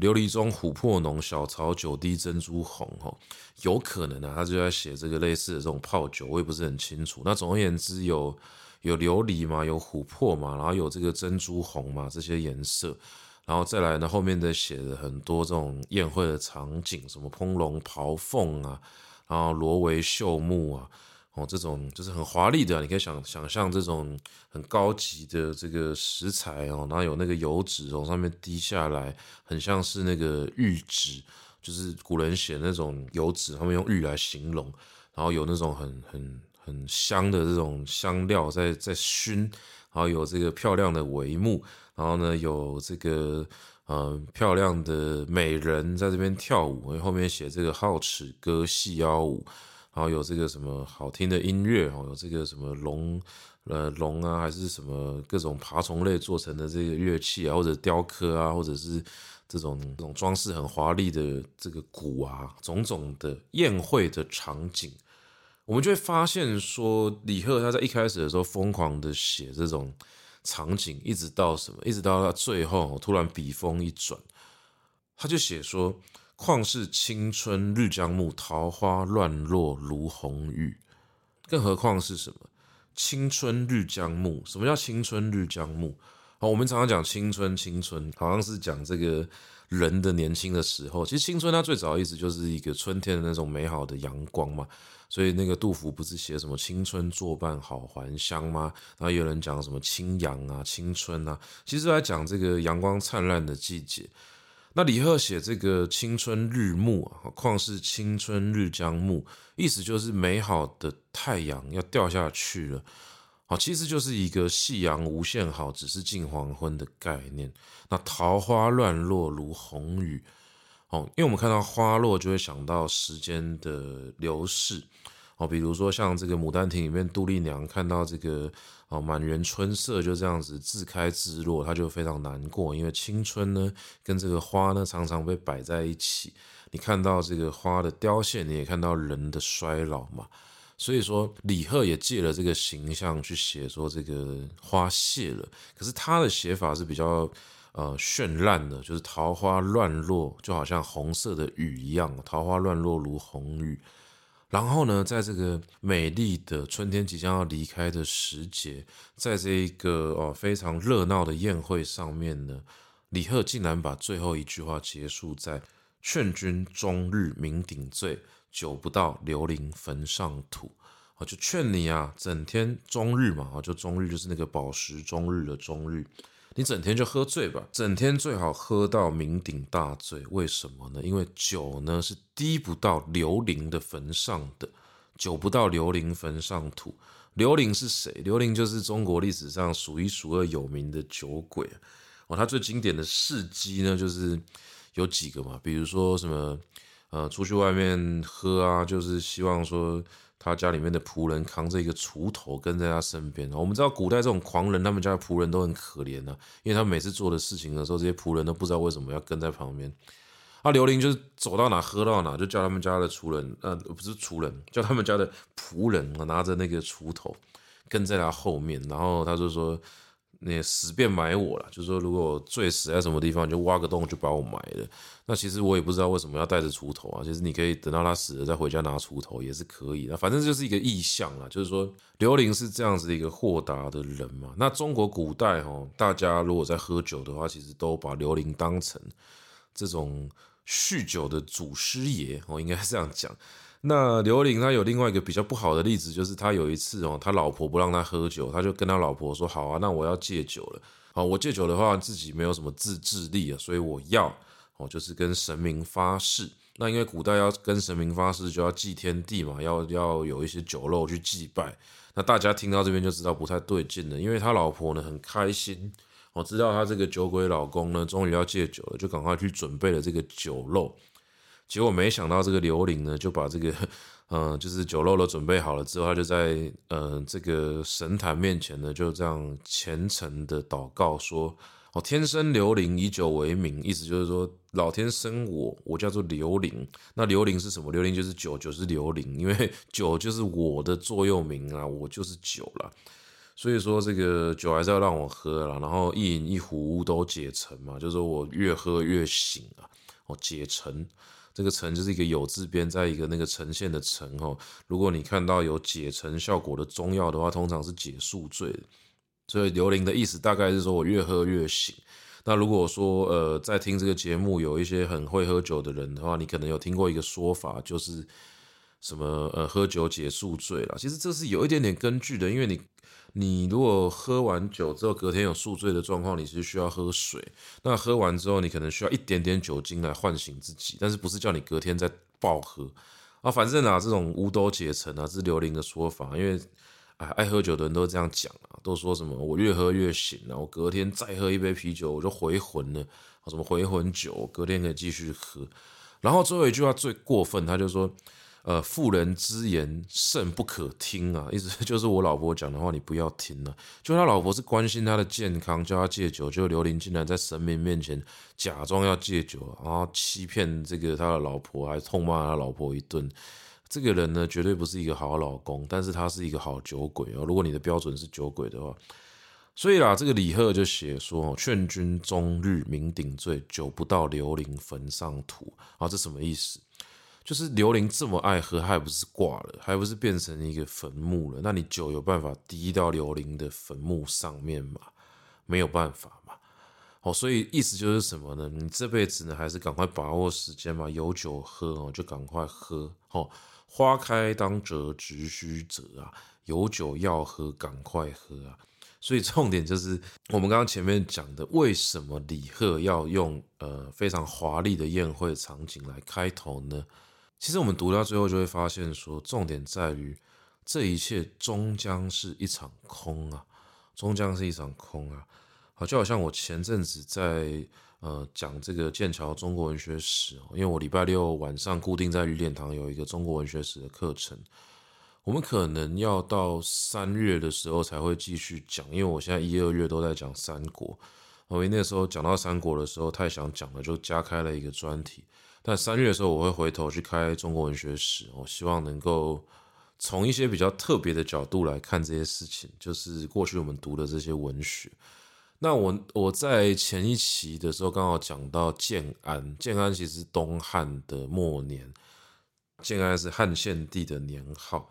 琉璃鐘琥珀濃，小槽酒滴珍珠紅，吼，有可能啊，他就在寫這個類似的這種泡酒，我也不是很清楚。那總而言之有。有琉璃嘛，有琥珀嘛，然後有這個珍珠紅嘛，這些顏色，然後再來呢，後面的寫的很多這種宴會的場景，什麼烹龍炮鳳啊，然後羅帷繡幕啊，哦，這種就是很華麗的、啊，你可以想想象這種很高級的這個食材哦，然後有那個油脂從、哦、上面滴下來，很像是那個玉脂，就是古人寫那種油脂，他們用玉來形容，然後有那種很很。很香的這種香料在在燻，然後有這個漂亮的帷幕，然後呢有這個呃漂亮的美人在這邊跳舞，後面寫這個皓齒歌細腰舞，然後有這個什麼好聽的音樂哦，有這個什麼龍呃龍啊還是什麼各種爬蟲類做成的這個樂器啊，或者雕刻啊，或者是這種這種裝飾很華麗的這個鼓啊，種種的宴會的場景。我們就會發現，說李賀他在一開始的時候瘋狂的寫這種場景，一直到什麼，一直到，到最後突然筆鋒一轉，他就寫說：況是青春日將暮，桃花亂落如紅雨。更何況是什麼？青春日將暮，什麼叫青春日將暮？我們常常講青春，青春好像是講這個。人的年輕的時候，其實青春它最早的意思就是一個春天的那種美好的陽光嘛。所以那個杜甫不是寫什麼“青春作伴好還鄉”嗎？然後有人講什麼“青陽”啊，“青春”啊，其實來講這個陽光燦爛的季節。那李賀寫這個“青春日暮”啊，“況是青春日將暮”，意思就是美好的太陽要掉下去了。好，其實就是一個“夕陽無限好，只是近黃昏”的概念。那桃花亂落如紅雨，哦，因為我們看到花落，就會想到時間的流逝。哦，比如說像這個《牡丹亭》裡面杜麗娘看到這個哦滿園春色就這樣子自開自落，她就非常難過，因為青春呢跟這個花呢常常被擺在一起。你看到這個花的凋謝，你也看到人的衰老嘛。所以說，李賀也借了這個形象去寫，說這個花謝了。可是他的寫法是比較呃絢爛的，就是桃花亂落，就好像紅色的雨一樣，桃花亂落如紅雨。然後呢，在這個美麗的春天即將要離開的時節，在這一個哦非常熱鬧的宴會上面呢，李賀竟然把最後一句話結束在“勸君終日酩酊醉”。酒不到劉伶墳上土，我就勸你啊，整天終日嘛，就終日就是那個飽食終日的終日，你整天就喝醉吧，整天最好喝到酩酊大醉。為什麼呢？因為酒呢是滴不到劉伶的墳上的，酒不到劉伶墳上土。劉伶是誰？劉伶就是中國歷史上數一數二有名的酒鬼。哦，它他最經典的事跡呢，就是有幾個嘛，比如說什麼。呃，出去外面喝啊，就是希望說他家裡面的僕人扛着一個鋤頭跟在他身邊。我們知道古代這種狂人，他們家的僕人都很可憐啊，因為他每次做的事情的時候，這些僕人都不知道為什麼要跟在旁邊。啊，劉伶就是走到哪喝到哪，就叫他們家的廚人，呃，不是廚人，叫他們家的僕人啊，拿着那個鋤頭跟在他後面，然後他就說。那死便埋我了，就是說，如果我醉死在什麼地方，就挖個洞就把我埋了。那其實我也不知道為什麼要帶着鋤頭啊。其實你可以等到他死了再回家拿鋤頭也是可以的。反正就是一個意象了，就是說劉伶是這樣子的一個豁達的人嘛。那中國古代哦，大家如果在喝酒的話，其實都把劉伶當成這種酗酒的祖師爺哦，應該這樣講。那劉伶他有另外一個比較不好的例子，就是他有一次哦，他老婆不讓他喝酒，他就跟他老婆說：“好啊，那我要戒酒了。好，我戒酒的話，自己沒有什麼自制力啊，所以我要哦，就是跟神明發誓。那因為古代要跟神明發誓，就要祭天地嘛，要要有一些酒肉去祭拜。那大家聽到這邊就知道不太對勁了，因為他老婆呢很開心哦，知道他這個酒鬼老公呢終於要戒酒了，就趕快去準備了這個酒肉。”結果沒想到，這個劉伶呢，就把這個，嗯、呃，就是酒肉都準備好了之後，他就在，呃，這個神壇面前呢，就這樣虔誠地禱告說：“哦，天生劉伶以酒為名，意思就是說老天生我，我叫做劉伶。那劉伶是什麼？劉伶就是酒，酒是劉伶，因為酒就是我的座右銘啊，我就是酒了。所以說這個酒還是要讓我喝啦，然後一飲一壺都解酲嘛，就是說我越喝越醒啊，哦，解酲。”這個“酲”就是一個酉字邊，再一個那個呈現的“呈”哈。如果你看到有解酲效果的中藥的話，通常是解宿醉。所以劉伶的意思大概是說，我越喝越醒。那如果說呃，在聽這個節目有一些很會喝酒的人的話，你可能有聽過一個說法，就是什麼呃，喝酒解宿醉了。其實這是有一點點根據的，因為你。你如果喝完酒之後隔天有宿醉的狀況，你是需要喝水。那喝完之後，你可能需要一點點酒精來喚醒自己，但是不是叫你隔天再暴喝啊？反正啊，這種五斗解酲啊，是劉伶的說法，因為啊，愛喝酒的人都這樣講啊，都說什麼我越喝越醒，然後隔天再喝一杯啤酒我就回魂了，什麼回魂酒，隔天可以繼續喝。然後最後一句話最過分，他就說。呃，婦人之言甚不可聽啊！意思就是我老婆講的話，你不要聽了、啊。就他老婆是關心他的健康，叫他戒酒。就劉玲竟然在神明面前假裝要戒酒，然後欺騙這個他的老婆，還痛罵他老婆一頓。這個人呢，絕對不是一個好老公，但是他是一個好酒鬼哦。如果你的標準是酒鬼的話，所以啦，這個李賀就寫說：勸君終日酩酊醉，酒不到劉伶墳上土。啊，這什麼意思？就是劉伶這麼愛喝，還不是掛了，還不是變成一個墳墓了？那你酒有辦法滴到劉伶的墳墓上面嗎？沒有辦法嘛。好、哦，所以意思就是什麼呢？你這輩子呢，還是趕快把握時間嘛。有酒喝、哦、就趕快喝。好、哦，花開當折直須折啊，有酒要喝趕快喝啊。所以重點就是我們剛剛前面講的，為什麼李賀要用呃非常華麗的宴會的場景來開頭呢？其實我們讀到最後就會發現說，說重點在於這一切終將是一場空啊，終將是一場空啊。好，就好像我前陣子在呃講這個劍橋中國文學史，因為我禮拜六晚上固定在與點堂有一個中國文學史的課程，我們可能要到三月的時候才會繼續講，因為我現在一二月都在講三國，我那個時候講到三國的時候太想講了，就加開了一個專題。但三月的時候，我會回頭去開中國文學史，我希望能夠從一些比較特別的角度來看這些事情，就是過去我們讀的這些文學。那我我在前一期的時候剛好講到建安，建安其實是東漢的末年，建安是漢獻帝的年號。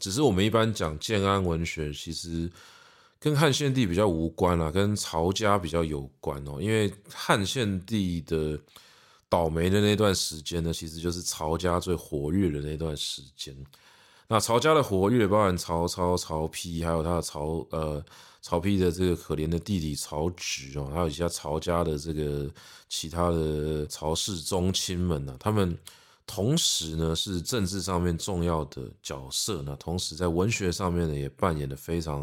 只是我們一般講建安文學，其實跟漢獻帝比較無關啊，跟曹家比較有關哦、喔，因為漢獻帝的。倒霉的那段時間呢，其實就是曹家最活躍的那段時間。那曹家的活躍，包含曹操、曹丕，還有他的曹呃曹丕的這個可憐的弟弟曹植哦，還有一些曹家的這個其他的曹氏宗親們吶，啊，他們同時呢是政治上面重要的角色呢，同時在文學上面呢也扮演了非常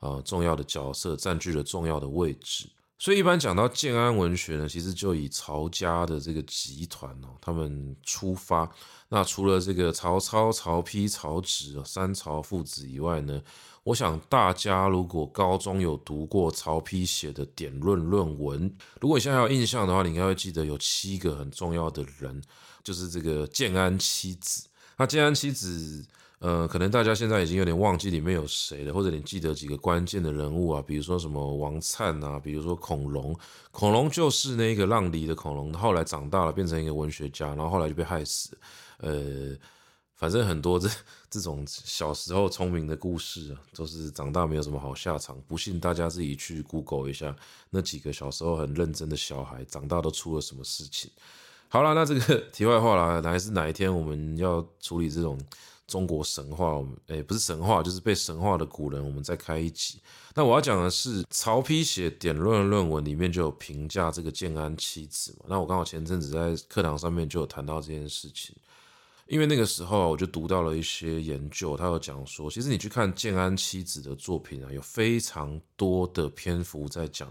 啊、呃，重要的角色，佔據了重要的位置。所以一般講到建安文學呢，其實就以曹家的這個集團哦，他們出發。那除了這個曹操、曹丕、曹植三曹父子以外呢，我想大家如果高中有讀過曹丕寫的《典論》論文，如果你現在還有印象的話，你應該會記得有七個很重要的人，就是這個建安七子。那建安七子。呃，可能大家現在已經有點忘記裡面有誰了，或者你記得幾個關鍵的人物啊？比如說什麼王粲啊，比如說孔融，孔融就是那個讓梨的孔融，後來長大了變成一個文學家，然後後來就被害死。呃，反正很多這這種小時候聰明的故事，啊，都、就是長大沒有什麼好下場。不信大家自己去 Google 一下，那幾個小時候很認真的小孩，長大都出了什麼事情。好了，那這個題外話啦，還是哪一天我們要處理這種。中國神話，我們誒，不是神話，就是被神話的古人。我們再開一集。那我要講的是，曹丕寫《典論》論文裡面就有評價這個建安七子嘛。那我剛好前陣子在課堂上面就有談到這件事情，因為那個時候我就讀到了一些研究，他有講說，其實你去看建安七子的作品啊，有非常多的篇幅在講。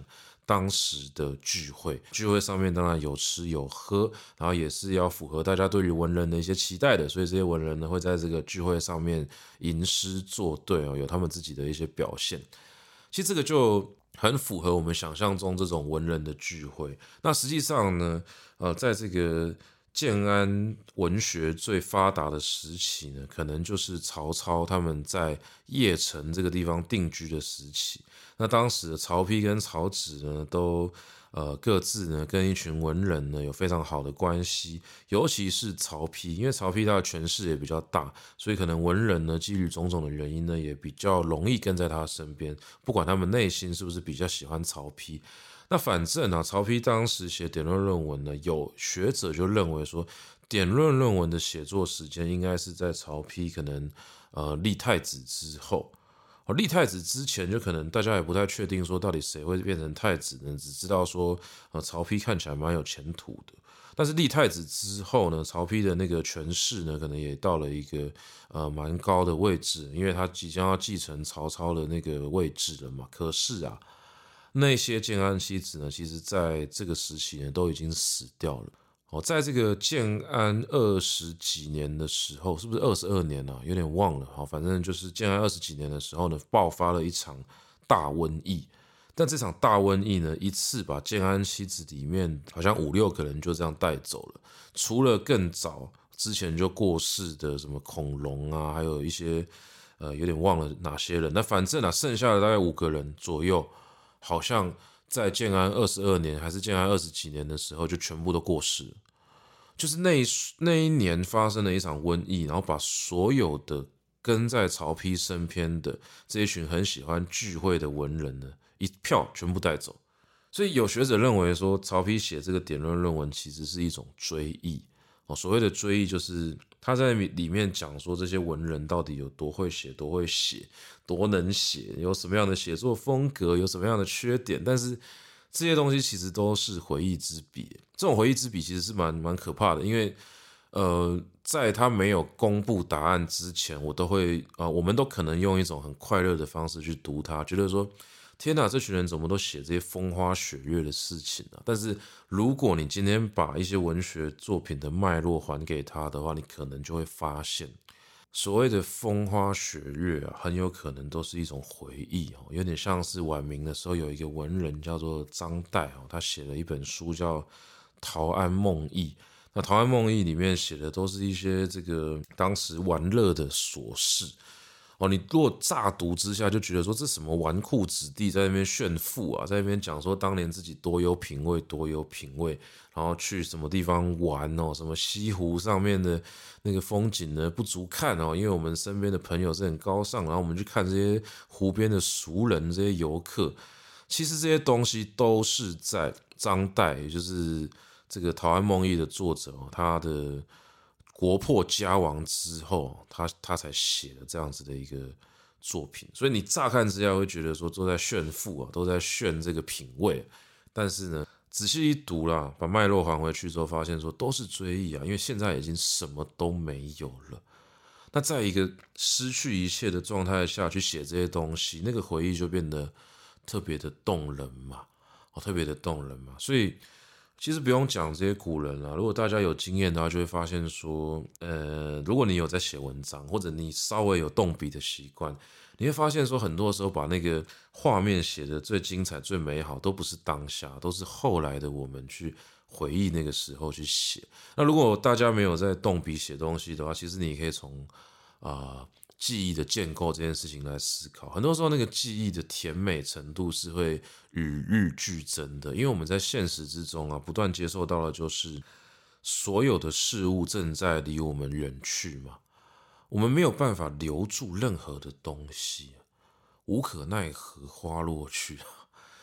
當時的聚會，聚會上面當然有吃有喝，然後也是要符合大家對於文人的一些期待的，所以這些文人呢會在這個聚會上面吟詩作對哦，有他們自己的一些表現。其實這個就很符合我們想象中這種文人的聚會。那實際上呢，呃，在這個。建安文學最發達的時期呢，可能就是曹操他們在鄴城這個地方定居的時期。那當時的曹丕跟曹植呢，都呃各自呢跟一群文人呢有非常好的關係，尤其是曹丕，因為曹丕他的權勢也比較大，所以可能文人呢基於種種的原因呢，也比較容易跟在他的身邊，不管他們內心是不是比較喜歡曹丕，那反正啊，曹丕當時寫《典論》論文呢，有學者就認為說，《典論》論文的寫作時間應該是在曹丕可能呃立太子之後。哦、立太子之前，就可能大家也不太確定說到底誰會變成太子呢？只知道說，呃，曹丕看起來蠻有前途的。但是立太子之後呢，曹丕的那個權勢呢，可能也到了一個呃蠻高的位置，因為他即將要繼承曹操的那個位置了嘛。可是啊。那些建安七子呢？其實，在這個時期呢，都已經死掉了。哦，在這個建安二十幾年的時候，是不是二十二年呢、啊？有點忘了。好，反正就是建安二十幾年的時候呢，爆發了一場大瘟疫。但這場大瘟疫呢，一次把建安七子裡面好像五六個人就這樣帶走了。除了更早之前就過世的什麼孔融啊，還有一些呃，有點忘了哪些人。那反正啊，剩下的大概五個人左右。好像在建安二十二年還是建安二十幾年的時候，就全部都過世。就是那一那一年發生了一場瘟疫，然後把所有的跟在曹丕身邊的這一群很喜歡聚會的文人呢，一票全部帶走。所以有學者認為說，曹丕寫這個典論論文其實是一種追憶。哦，所謂的追憶就是。他在裡面講說，這些文人到底有多會寫、多會寫、多能寫，有什麼樣的寫作風格，有什麼樣的缺點。但是這些東西其實都是回憶之筆，這種回憶之筆其實是蠻蠻可怕的。因為，呃，在他沒有公布答案之前，我都會啊、呃，我們都可能用一種很快樂的方式去讀它，覺得說。天哪，這群人怎麼都寫這些風花雪月的事情啊。但是，如果你今天把一些文學作品的脈絡還給他的話，你可能就會發現，所謂的風花雪月啊，很有可能都是一種回憶哦，有點像是晚明的時候有一個文人叫做張岱哦，他寫了一本書叫《陶庵夢憶》，那《陶庵夢憶》裡面寫的都是一些這個當時玩樂的瑣事。哦，你若乍讀之下就覺得說，這是什麼紈絝子弟在那邊炫富啊，在那邊講說當年自己多有品味，多有品味，然後去什麼地方玩哦，什麼西湖上面的那個風景呢不足看哦，因為我們身邊的朋友是很高尚，然後我們去看這些湖邊的俗人，這些遊客，其實這些東西都是在張岱，也就是這個《陶庵夢憶》的作者哦，他的。國破家亡之後，他他才寫了這樣子的一個作品。所以你乍看之下會覺得說都在炫富啊，都在炫這個品味。但是呢，仔細一讀啦，把脈絡還回去之後，發現說都是追憶啊。因為現在已經什麼都沒有了，那在一個失去一切的狀態下去寫這些東西，那個回憶就變得特別的動人嘛，哦，特別的動人嘛。所以。其實不用講這些古人了啊，如果大家有經驗的話，就會發現說，呃，如果你有在寫文章，或者你稍微有動筆的習慣，你會發現說，很多時候把那個畫面寫得最精彩、最美好，都不是當下，都是後來的我們去回憶那個時候去寫。那如果大家沒有在動筆寫東西的話，其實你可以從啊。呃記憶的建構這件事情來思考，很多時候那個記憶的甜美程度是會與日俱增的，因為我們在現實之中啊，不斷接受到的就是所有的事物正在離我們遠去嘛，我們沒有辦法留住任何的東西，無可奈何花落去，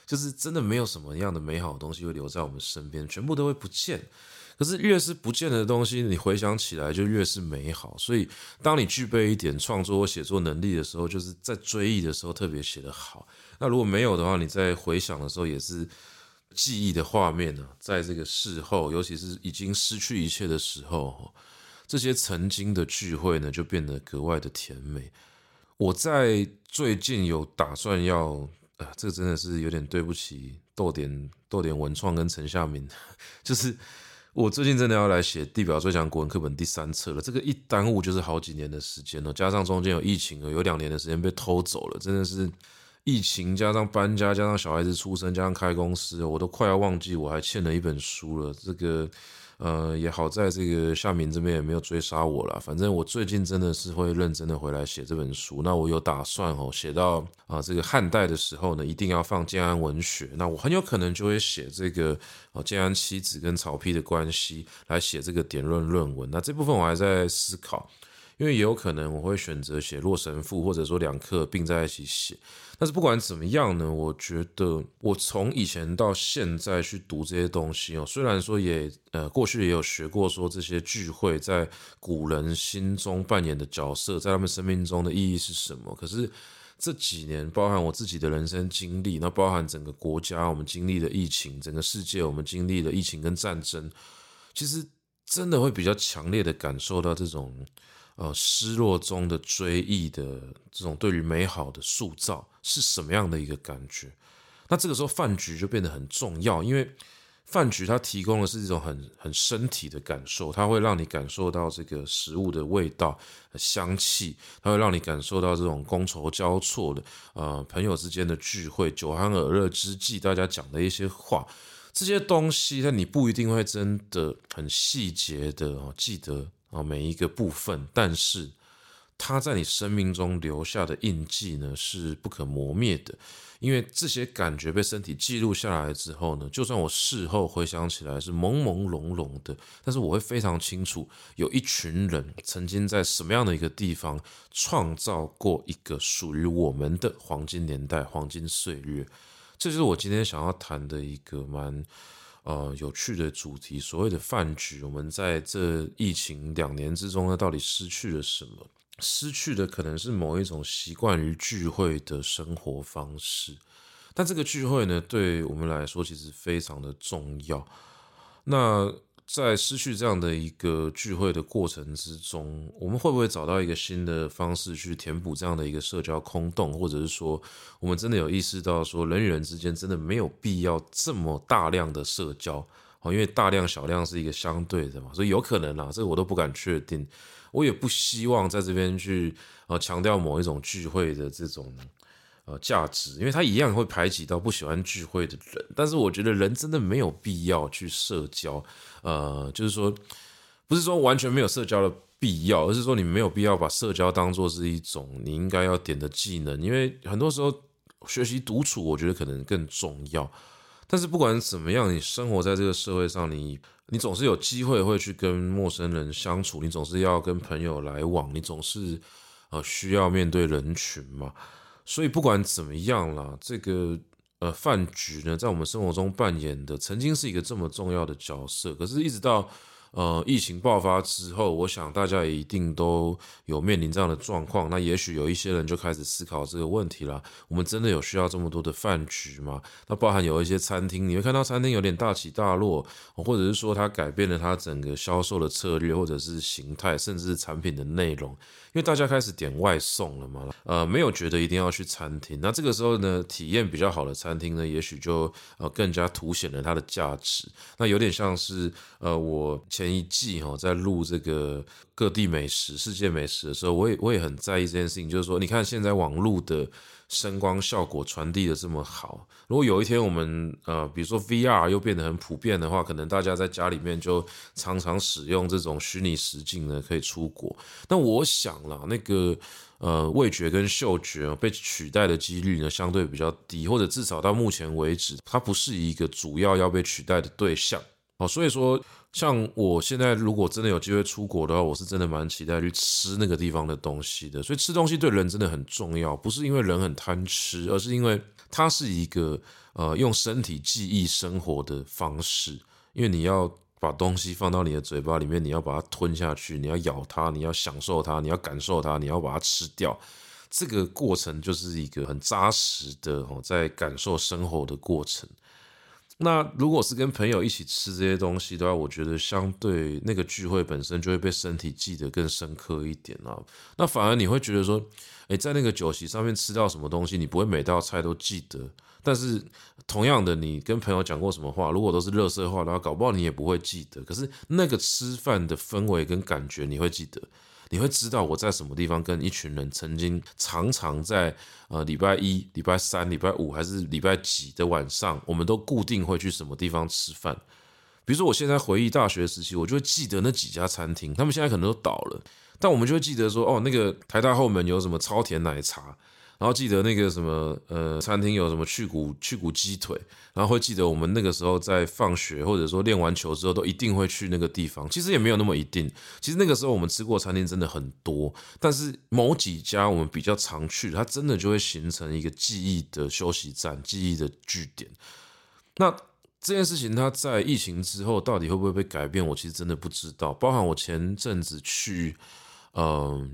就是真的沒有什麼樣的美好的東西會留在我們身邊，全部都會不見。可是越是不見的東西，你回想起來就越是美好。所以，當你具備一點創作或寫作能力的時候，就是在追憶的時候特別寫得好。那如果沒有的話，你在回想的時候也是記憶的畫面呢、啊。在這個事後，尤其是已經失去一切的時候，這些曾經的聚會呢，就變得格外的甜美。我在最近有打算要，啊，這個真的是有點對不起逗點逗點文創跟陳夏民，就是。我最近真的要來寫《地表最強國文課本》第三冊了，這個一耽誤就是好幾年的時間了哦，加上中間有疫情，有兩年的時間被偷走了，真的是疫情加上搬家，加上小孩子出生，加上開公司，我都快要忘記我還欠了一本書了。這個。呃，也好，在這個夏明這邊也沒有追殺我啦。反正我最近真的是會認真的回來寫這本書。那我有打算哦，寫到啊、呃、這個漢代的時候呢，一定要放建安文學。那我很有可能就會寫這個啊、哦、建安七子跟曹丕的關係，來寫這個典論論文。那這部分我還在思考。因為也有可能我會選擇寫《洛神賦》，或者說兩課並在一起寫。但是不管怎麼樣呢，我覺得我從以前到現在去讀這些東西哦，雖然說也呃過去也有學過，說這些聚會在古人心中扮演的角色，在他們生命中的意義是什麼。可是這幾年，包含我自己的人生經歷，那包含整個國家我們經歷的疫情，整個世界我們經歷的疫情跟戰爭，其實真的會比較強烈的感受到這種。呃，失落中的追憶的這種對於美好的塑造是什麼樣的一個感覺？那這個時候飯局就變得很重要，因為飯局它提供的是一種很很身體的感受，它會讓你感受到這個食物的味道、香氣，它會讓你感受到這種觥籌交錯的呃朋友之間的聚會，酒酣耳熱之際大家講的一些話，這些東西，但你不一定會真的很細節的哦記得。啊，每一個部分，但是它在你生命中留下的印記呢是不可磨滅的，因為這些感覺被身體記錄下來之後呢，就算我事後回想起來是朦朦朧朧的，但是我會非常清楚，有一群人曾經在什麼樣的一個地方創造過一個屬於我們的黃金年代、黃金歲月。這就是我今天想要談的一個蠻。呃，有趣的主題，所謂的飯局，我們在這疫情兩年之中呢，到底失去了什麼？失去的可能是某一種習慣於聚會的生活方式，但這個聚會呢，對我們來說其實非常的重要。那在失去這樣的一個聚會的過程之中，我們會不會找到一個新的方式去填補這樣的一個社交空洞？或者是說，我們真的有意識到說，人與人之間真的沒有必要這麼大量的社交？好，因為大量小量是一個相對的嘛，所以有可能啦。這個我都不敢確定，我也不希望在這邊去呃強調某一種聚會的這種。呃，價值，因為他一樣會排擠到不喜歡聚會的人。但是我覺得人真的沒有必要去社交，呃，就是說，不是說完全沒有社交的必要，而是說你沒有必要把社交當作是一種你應該要點的技能。因為很多時候學習獨處，我覺得可能更重要。但是不管怎麼樣，你生活在這個社會上，你你總是有機會會去跟陌生人相處，你總是要跟朋友來往，你總是呃需要面對人群嘛。所以不管怎麼樣啦，這個呃飯局呢，在我們生活中扮演的曾經是一個這麼重要的角色。可是，一直到呃疫情爆發之後，我想大家也一定都有面臨這樣的狀況。那也許有一些人就開始思考這個問題了：我們真的有需要這麼多的飯局嗎？那包含有一些餐廳，你會看到餐廳有點大起大落，或者是說它改變了它整個銷售的策略，或者是形態，甚至是產品的內容。因為大家開始點外送了嘛，呃，沒有覺得一定要去餐廳。那這個時候呢，體驗比較好的餐廳呢，也許就呃更加凸顯了它的價值。那有點像是呃，我前一季哈在錄這個各地美食、世界美食的時候，我也我也很在意這件事情，就是說，你看現在網路的。聲光效果傳遞的這麼好，如果有一天我們呃，比如說 VR 又變得很普遍的話，可能大家在家裡面就常常使用這種虛擬實境呢，可以出國。那我想了，那個呃，味覺跟嗅覺、啊、被取代的幾率呢，相對比較低，或者至少到目前為止，它不是一個主要要被取代的對象。哦，所以說。像我現在如果真的有機會出國的話，我是真的蠻期待去吃那個地方的東西的。所以吃東西對人真的很重要，不是因為人很貪吃，而是因為它是一個呃用身體記憶生活的方式。因為你要把東西放到你的嘴巴裡面，你要把它吞下去，你要咬它，你要享受它，你要感受它，你要把它吃掉。這個過程就是一個很扎實的哦，在感受生活的過程。那如果是跟朋友一起吃這些東西的話，我覺得相對那個聚會本身就會被身體記得更深刻一點、啊、那反而你會覺得說，哎、欸，在那個酒席上面吃到什麼東西，你不會每道菜都記得。但是同樣的，你跟朋友講過什麼話，如果都是垃圾話，然後搞不好你也不會記得。可是那個吃飯的氛圍跟感覺，你會記得。你會知道我在什麼地方跟一群人曾經常常在呃禮拜一、禮拜三、禮拜五還是禮拜幾的晚上，我們都固定會去什麼地方吃飯。比如說，我現在回憶大學時期，我就會記得那幾家餐廳，他們現在可能都倒了，但我們就會記得說，哦，那個台大後門有什麼超甜奶茶。然後記得那個什麼，呃，餐廳有什麼去骨去骨雞腿，然後會記得我們那個時候在放學或者說練完球之後，都一定會去那個地方。其實也沒有那麼一定，其實那個時候我們吃過餐廳真的很多，但是某幾家我們比較常去，它真的就會形成一個記憶的休息站，記憶的據點。那這件事情，它在疫情之後到底會不會被改變？我其實真的不知道。包含我前陣子去，嗯、呃，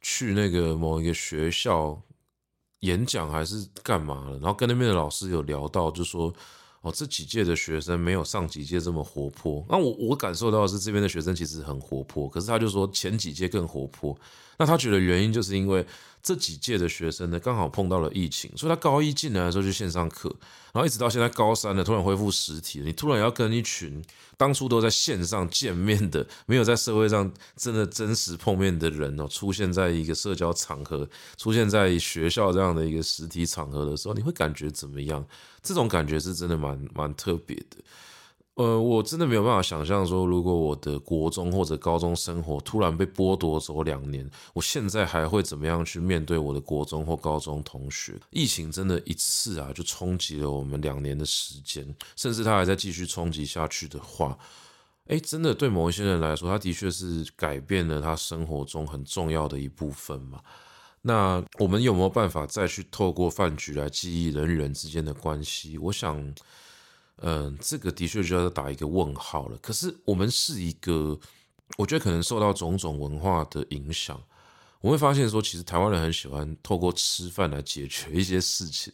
去那個某一個學校。演講還是幹嘛了？然後跟那邊的老師有聊到，就說哦，這幾屆的學生沒有上幾屆這麼活潑。那我我感受到的是這邊的學生其實很活潑，可是他就說前幾屆更活潑。那他覺得原因就是因為。這幾屆的學生呢，剛好碰到了疫情，所以他高一進來的時候就線上課，然後一直到現在高三了，突然恢復實體了。你突然要跟一群當初都在線上見面的、沒有在社會上真的真實碰面的人哦，出現在一個社交場合，出現在學校這樣的一個實體場合的時候，你會感覺怎麼樣？這種感覺是真的蠻蠻特別的。呃，我真的沒有辦法想象說，如果我的國中或者高中生活突然被剝奪走兩年，我現在還會怎麼樣去面對我的國中或高中同學？疫情真的一次啊，就衝擊了我們兩年的時間，甚至他還在繼續衝擊下去的話，哎，真的對某一些人來說，他的確是改變了他生活中很重要的一部分嘛。那我們有沒有辦法再去透過飯局來記憶人與人之間的關係？我想。嗯，這個的確就要打一個問號了。可是我們是一個，我覺得可能受到種種文化的影響，我會發現說，其實台灣人很喜歡透過吃飯來解決一些事情。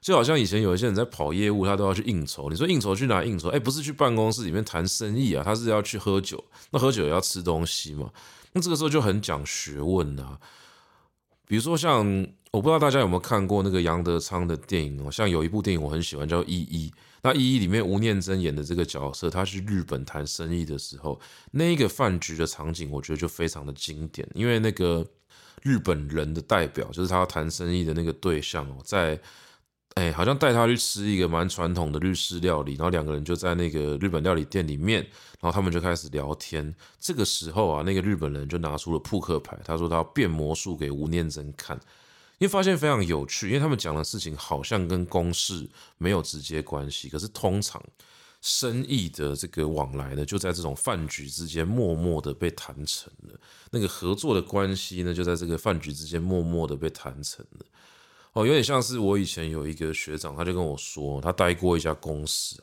就好像以前有一些人在跑業務，他都要去應酬。你說應酬去哪應酬？哎，不是去辦公室裡面談生意啊，他是要去喝酒。那喝酒也要吃東西嘛。那這個時候就很講學問啊。比如說像，像我不知道大家有沒有看過那個楊德昌的電影哦，像有一部電影我很喜歡，叫《一一》。那《一一》裡面吳念真演的這個角色，他去日本談生意的時候，那個飯局的場景，我覺得就非常的經典。因為那個日本人的代表，就是他要談生意的那個對象哦，在哎，好像帶他去吃一個蠻傳統的日式料理，然後兩個人就在那個日本料理店裡面，然後他們就開始聊天。這個時候啊，那個日本人就拿出了撲克牌，他說他要變魔術給吳念真看。因為發現非常有趣，因為他們講的事情好像跟公事沒有直接關係，可是通常生意的這個往來呢，就在這種飯局之間默默的被談成了，那個合作的關係呢，就在這個飯局之間默默的被談成了。哦，有點像是我以前有一個學長，他就跟我說，他待過一家公司。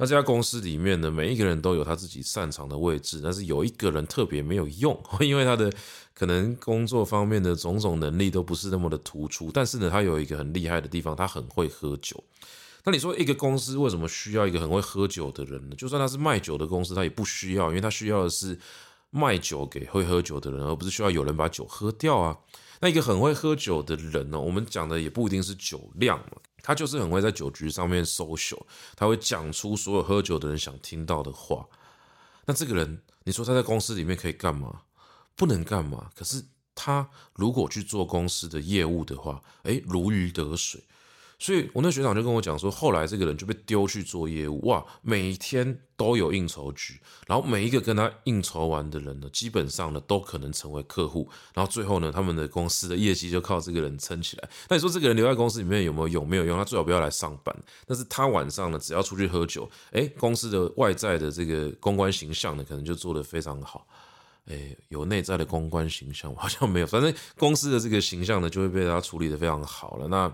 那這家公司裡面呢，每一個人都有他自己擅長的位置，但是有一個人特別沒有用，因為他的可能工作方面的種種能力都不是那麼的突出，但是呢，他有一個很厲害的地方，他很會喝酒。那你說一個公司為什麼需要一個很會喝酒的人呢？就算他是賣酒的公司，他也不需要，因為他需要的是賣酒給會喝酒的人，而不是需要有人把酒喝掉啊。那一個很會喝酒的人呢、哦？我們講的也不一定是酒量嘛，他就是很會在酒局上面 social，他會講出所有喝酒的人想聽到的話。那這個人，你說他在公司裡面可以幹嘛？不能幹嘛？可是他如果去做公司的業務的話，哎，如魚得水。所以我那學長就跟我講說，後來這個人就被丟去做業務，哇，每一天都有應酬局，然後每一個跟他應酬完的人呢，基本上呢都可能成為客戶，然後最後呢，他們的公司的業績就靠這個人撐起來。那你說這個人留在公司裡面有沒有，有沒有用？他最好不要來上班，但是他晚上呢只要出去喝酒，誒，公司的外在的這個公關形象呢可能就做得非常好，誒，有內在的公關形象我好像沒有，反正公司的這個形象呢就會被他處理得非常好了。那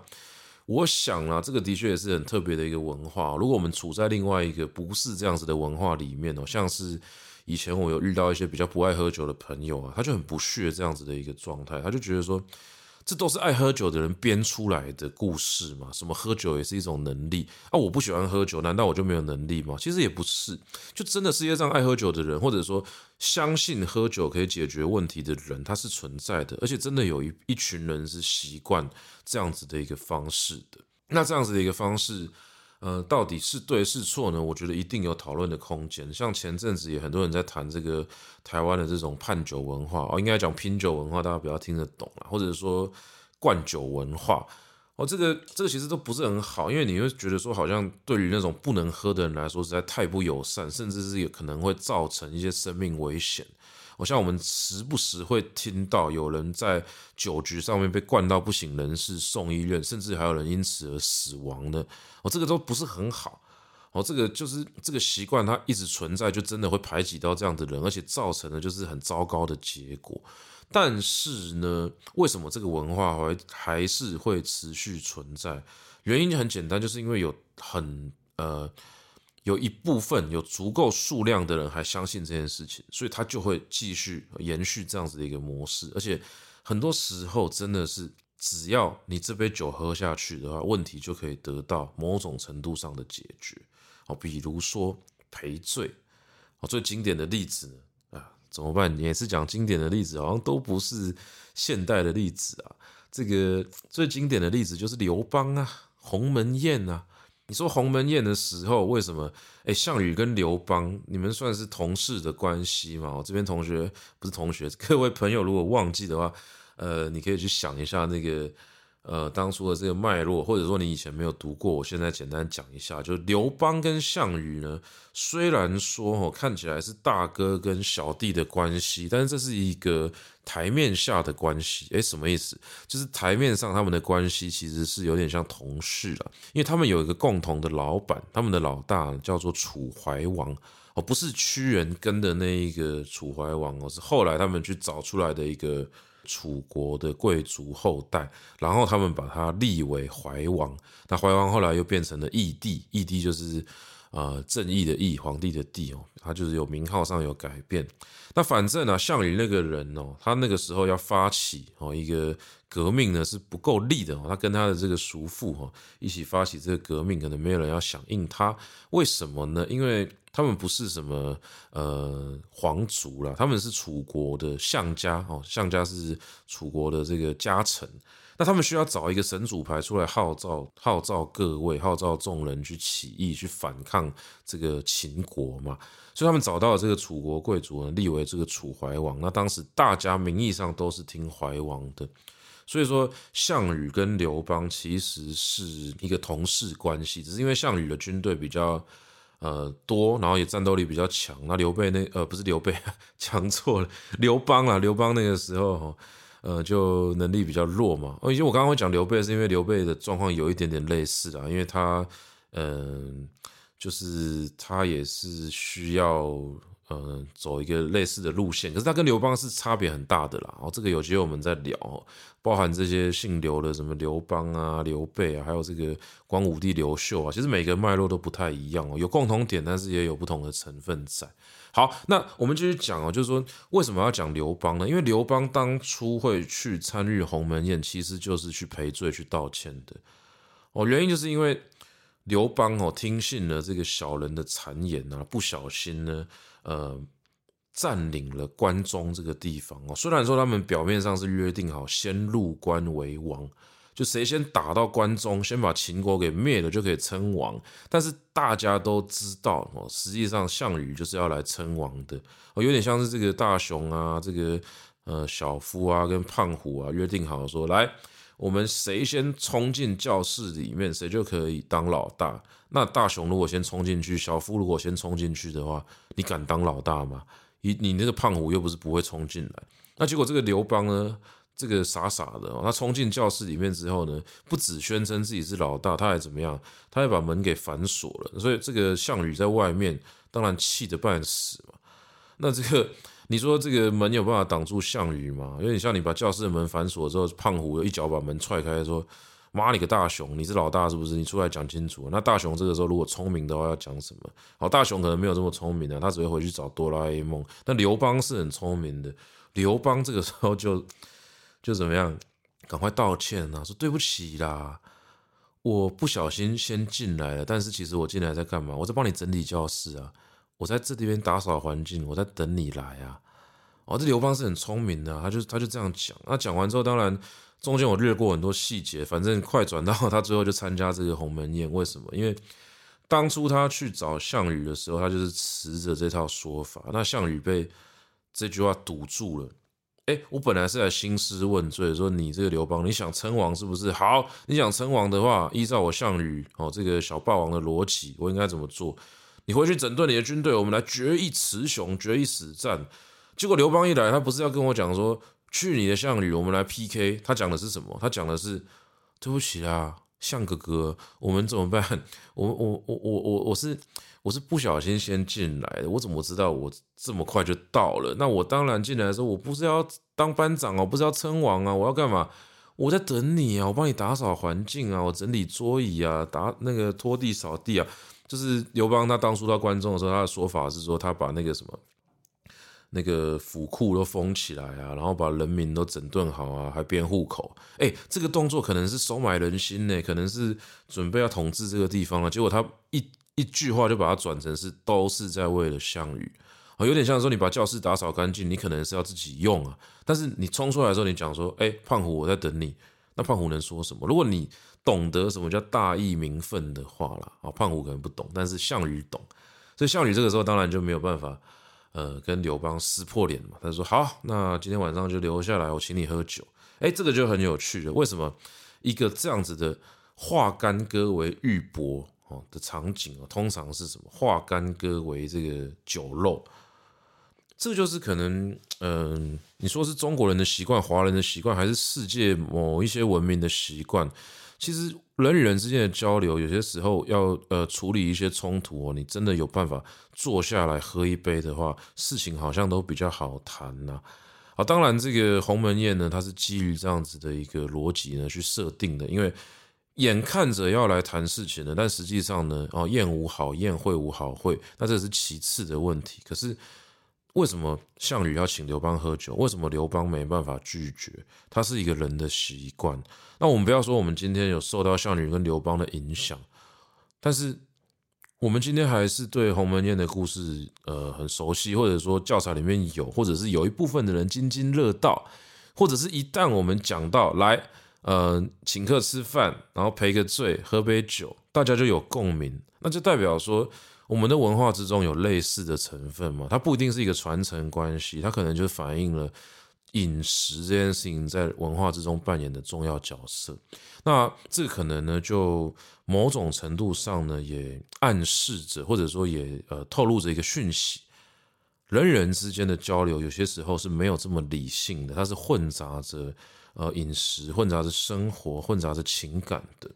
我想啦，啊，這個的確也是很特別的一個文化。如果我們處在另外一個不是這樣子的文化裡面哦，像是以前我有遇到一些比較不愛喝酒的朋友啊，他就很不屑這樣子的一個狀態，他就覺得說。這都是愛喝酒的人編出來的故事嘛？什麼喝酒也是一種能力啊？我不喜歡喝酒，難道我就沒有能力嗎？其實也不是，就真的世界上愛喝酒的人，或者說相信喝酒可以解決問題的人，他是存在的，而且真的有一一群人是習慣這樣子的一個方式的。那這樣子的一個方式。呃，到底是對是錯呢？我覺得一定有討論的空間。像前陣子也很多人在談這個台灣的這種拚酒文化哦，應該講拼酒文化，大家比較聽得懂了，或者說灌酒文化。哦，這個這個其實都不是很好，因為你會覺得說，好像對於那種不能喝的人來說，實在太不友善，甚至是有可能會造成一些生命危險。我、哦、像我們時不時會聽到有人在酒局上面被灌到不省人事，送醫院，甚至還有人因此而死亡的。哦，這個都不是很好。哦，這個就是這個習慣它一直存在，就真的會排擠到這樣的人，而且造成的就是很糟糕的結果。但是呢，為什麼這個文化還還是會持續存在？原因很簡單，就是因為有很呃，有一部分有足夠數量的人還相信這件事情，所以他就會繼續延續這樣子的一個模式。而且很多時候真的是只要你這杯酒喝下去的話，問題就可以得到某種程度上的解決。哦，比如說賠罪。哦，最經典的例子呢？怎麼辦？你也是講經典的例子，好像都不是現代的例子啊。這個最經典的例子就是劉邦啊，鴻門宴啊。你說鴻門宴的時候，為什麼？哎，項羽跟劉邦，你們算是同事的關係嗎？我這邊同學不是同學，各位朋友如果忘記的話，呃，你可以去想一下那個。呃，當初的這個脈絡，或者說你以前沒有讀過，我現在簡單講一下。就劉邦跟項羽呢，雖然說哦，看起來是大哥跟小弟的關係，但是這是一個台面下的關係。誒，什麼意思？就是台面上他們的關係其實是有點像同事了，因為他們有一個共同的老闆，他們的老大叫做楚懷王哦，不是屈原跟的那一個楚懷王，是後來他們去找出來的一個。楚國的貴族後代，然後他們把他立為懷王。那懷王後來又變成了義帝，義帝就是啊、呃、正義的義，皇帝的帝哦，他就是有名號上有改變。那反正啊，項羽那個人哦，他那個時候要發起哦一個革命呢，是不夠力的哦。他跟他的這個叔父、哦、一起發起這個革命，可能沒有人要響應他。為什麼呢？因為他們不是什麼呃皇族了，他們是楚國的項家哦，項家是楚國的這個家臣，那他們需要找一個神主牌出來號召號召各位，號召眾人去起義去反抗這個秦國嘛，所以他們找到了這個楚國貴族呢，立為這個楚懷王，那當時大家名義上都是聽懷王的，所以說項羽跟劉邦其實是一個同事關係，只是因為項羽的軍隊比較呃，多，然後也戰鬥力比較強。那劉備那呃，不是劉備，講錯了，劉邦啊，劉邦那個時候呃，就能力比較弱嘛。哦，因為我剛剛會講劉備，是因為劉備的狀況有一點點類似啊，因為他，嗯、呃，就是他也是需要。呃、嗯，走一個類似的路線，可是他跟劉邦是差別很大的啦。哦，這個有機會我們再聊。哦，包含這些姓劉的，什麼劉邦啊、劉備啊，還有這個光武帝劉秀啊，其實每個脈絡都不太一樣哦，有共同點，但是也有不同的成分在。好，那我們繼續講哦，就是說為什麼要講劉邦呢？因為劉邦當初會去參與鴻門宴，其實就是去賠罪、去道歉的。哦，原因就是因為劉邦哦，聽信了這個小人的讒言啊，不小心呢。呃，占領了關中這個地方哦。雖然說他們表面上是約定好，先入關為王，就誰先打到關中，先把秦國給滅了，就可以稱王。但是大家都知道哦，實際上項羽就是要來稱王的哦，有點像是這個大雄啊，這個呃小夫啊，跟胖虎啊約定好說，來，我們誰先衝進教室裡面，誰就可以當老大。那大雄如果先衝進去，小夫如果先衝進去的話，你敢當老大嗎？你你那個胖虎又不是不會衝進來。那結果這個劉邦呢，這個傻傻的、哦，他衝進教室裡面之後呢，不只宣稱自己是老大，他還怎麼樣？他還把門給反鎖了。所以這個項羽在外面當然氣得半死嘛。那這個你說這個門有辦法擋住項羽嗎？因為你像你把教室的門反鎖之後，胖虎一腳把門踹開的時候，說。罵你個大雄，你是老大是不是？你出來講清楚。那大雄這個時候如果聰明的話，要講什麼？好，大雄可能沒有這麼聰明啊，他只會回去找哆啦 A 夢。那劉邦是很聰明的，劉邦這個時候就就怎麼樣？趕快道歉吶、啊，說對不起啦，我不小心先進來了，但是其實我進來在幹嘛？我在幫你整理教室啊，我在這邊打掃環境，我在等你來啊。哦，這劉邦是很聰明的、啊，他就他就這樣講。那講完之後，當然。中間我略過很多細節，反正快轉到他最後就參加這個鴻門宴。為什麼？因為當初他去找項羽的時候，他就是持着這套說法。那項羽被這句話堵住了。哎，我本來是在興師問罪，說你這個劉邦，你想稱王是不是？好，你想稱王的話，依照我項羽哦這個小霸王的邏輯，我應該怎麼做？你回去整頓你的軍隊，我們來決一雌雄，決一死戰。結果劉邦一來，他不是要跟我講說，去你的項羽，我們來 PK。他講的是什麼？他講的是對不起啊，項哥哥，我們怎麼辦？我我我我我我是我是不小心先進來的，我怎麼知道我這麼快就到了？那我當然進來的時候，我不是要當班長啊，我不是要稱王啊，我要幹嘛？我在等你啊，我幫你打掃環境啊，我整理桌椅啊，打那個拖地掃地啊。就是劉邦他當初到關中的時候，他的說法是說他把那個什麼。那個府庫都封起來啊，然後把人民都整頓好啊，還編戶口。哎、欸，這個動作可能是收買人心呢、欸，可能是準備要統治這個地方了、啊。結果他一一句話就把它轉成是都是在為了項羽、哦。有點像說你把教室打掃乾淨，你可能是要自己用啊。但是你衝出來的時候，你講說，哎、欸，胖虎，我在等你。那胖虎能說什麼？如果你懂得什麼叫大義名分的話了，啊、哦，胖虎可能不懂，但是項羽懂。所以項羽這個時候當然就沒有辦法。呃，跟劉邦撕破臉嘛，他說好，那今天晚上就留下來，我請你喝酒。哎，這個就很有趣了。為什麼一個這樣子的化干戈為玉帛哦的場景哦，通常是什麼化干戈為這個酒肉？這就是可能，嗯、呃，你說是中國人的習慣，華人的習慣，還是世界某一些文明的習慣？其實。人與人之間的交流，有些時候要呃處理一些衝突哦，你真的有辦法坐下來喝一杯的話，事情好像都比較好談吶、啊。好，當然這個鴻門宴呢，它是基於這樣子的一個邏輯呢，去設定的，因為眼看着要來談事情的，但實際上呢、哦，宴無好宴，會無好會，那這是其次的問題。可是。為什麼項羽要請劉邦喝酒？為什麼劉邦沒辦法拒絕？他是一個人的習慣。那我們不要說我們今天有受到項羽跟劉邦的影響，但是我們今天還是對鴻門宴的故事，呃，很熟悉，或者說教材裡面有，或者是有一部分的人津津樂道，或者是一旦我們講到來，呃，請客吃飯，然後賠個罪，喝杯酒，大家就有共鳴，那就代表說。我們的文化之中有類似的成分嘛，它不一定是一個傳承關係，它可能就反映了飲食這件事情在文化之中扮演的重要角色。那這可能呢，就某種程度上呢，也暗示着，或者說也呃透露着一個訊息，人與人之間的交流有些時候是沒有這麼理性的，它是混雜着呃飲食、混雜着生活、混雜着情感的。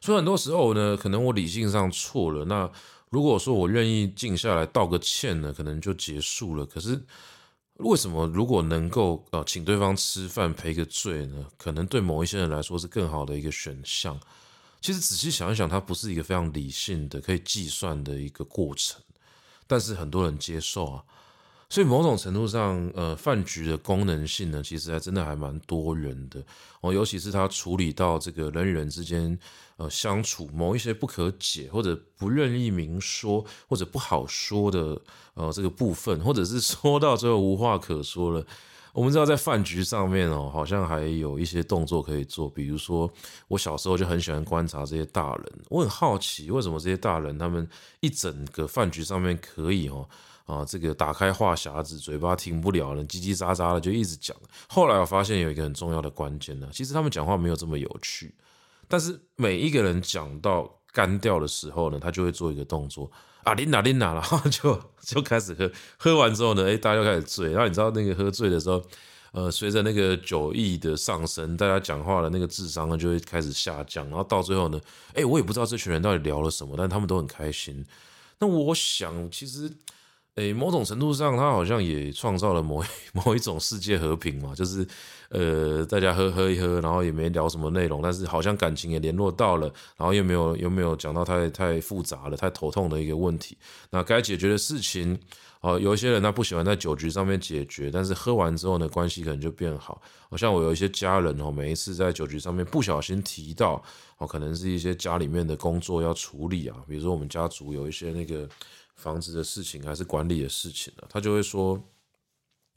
所以很多時候呢，可能我理性上錯了，那。如果說我願意靜下來道個歉呢，可能就結束了。可是為什麼如果能夠呃請對方吃飯賠個罪呢，可能對某一些人來說是更好的一個選項。其實仔細想一想，它不是一個非常理性的可以計算的一個過程，但是很多人接受啊。所以某種程度上，呃，飯局的功能性呢，其實還真的還蠻多元的，哦，尤其是它處理到這個人與人之間，呃，相處某一些不可解，或者不願意明說或者不好說的呃這個部分，或者是說到最後無話可說了。我們知道在飯局上面哦，好像還有一些動作可以做。比如說，我小時候就很喜歡觀察這些大人，我很好奇為什麼這些大人他們一整個飯局上面可以哦啊這個打開話匣子，嘴巴停不了了，嘰嘰喳喳的就一直講。後來我發現有一個很重要的關鍵呢，其實他們講話沒有這麼有趣。但是每一個人講到乾掉的時候呢，他就會做一個動作啊，琳達琳達，然後就就開始喝，喝完之後呢，哎，大家又開始醉，然後你知道那個喝醉的時候，呃，隨着那個酒意的上升，大家講話的那個智商呢就會開始下降，然後到最後呢，哎，我也不知道這群人到底聊了什麼，但他們都很開心。那我想，其實。誒，某種程度上，他好像也創造了某一某一種世界和平嘛，就是，呃，大家喝喝一喝，然後也沒聊什麼內容，但是好像感情也聯絡到了，然後又沒有又沒有講到太太複雜了，太頭痛的一個問題。那該解決的事情，哦，有一些人他不喜歡在酒局上面解決，但是喝完之後呢，關係可能就變好。好像我有一些家人哦，每一次在酒局上面不小心提到，哦，可能是一些家裡面的工作要處理啊，比如說我們家族有一些那個。房子的事情，還是管理的事情呢、啊？他就會說：“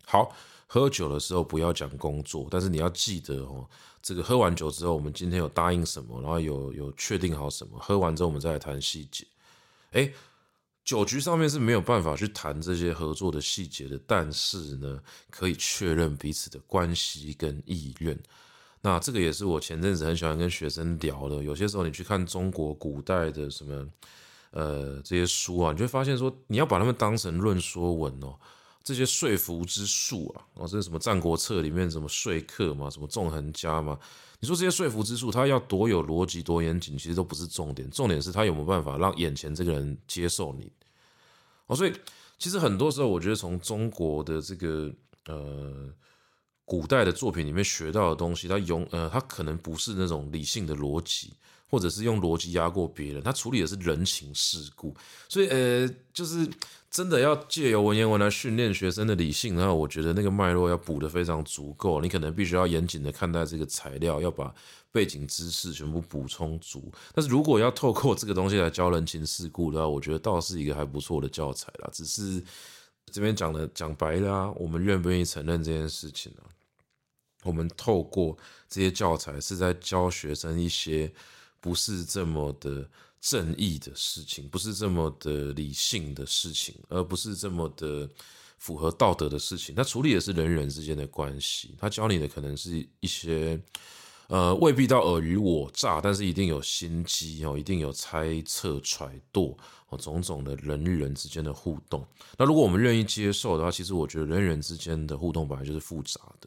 好，喝酒的時候不要講工作，但是你要記得哦，這個喝完酒之後，我們今天有答應什麼，然後有有確定好什麼。喝完之後，我們再來談細節。”誒，酒局上面是沒有辦法去談這些合作的細節的，但是呢，可以確認彼此的關係跟意願。那這個也是我前陣子很喜歡跟學生聊的。有些時候，你去看中國古代的什麼？呃，這些書啊，你就會發現說，你要把他們當成論說文哦，這些說服之術啊，哦，這是什麼《戰國策》裡面什麼說客嘛，什麼縱橫家嘛？你說這些說服之術，它要多有邏輯、多嚴謹，其實都不是重點，重點是它有沒有辦法讓眼前這個人接受你。哦，所以其實很多時候，我覺得從中國的這個呃古代的作品裡面學到的東西，它永呃，它可能不是那種理性的邏輯。或者是用邏輯壓過別人，他處理的是人情世故，所以呃，就是真的要借由文言文來訓練學生的理性的，那我覺得那個脈絡要補得非常足夠。你可能必須要嚴謹的看待這個材料，要把背景知識全部補充足。但是如果要透過這個東西來教人情世故的話，我覺得倒是一個還不錯的教材了。只是這邊講的講白了，啊，我們願不願意承認這件事情呢，啊？我們透過這些教材是在教學生一些。不是這麼的正義的事情，不是這麼的理性的事情，而不是這麼的符合道德的事情。他處理的是人與人之間的關係，他教你的可能是一些，呃，未必到爾虞我詐，但是一定有心機哦，一定有猜測揣度哦，種種的人與人之間的互動。那如果我們願意接受的話，其實我覺得人與人之間的互動本來就是複雜的。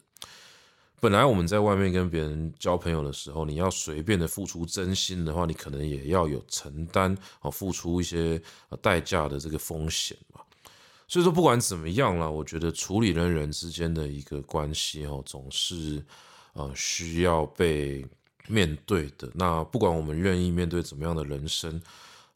本來我們在外面跟別人交朋友的時候，你要隨便的付出真心的話，你可能也要有承擔啊，付出一些代價的這個風險嘛。所以說不管怎麼樣了，我覺得處理人與人之間的一個關係哦，總是啊需要被面對的。那不管我們願意面對怎麼樣的人生。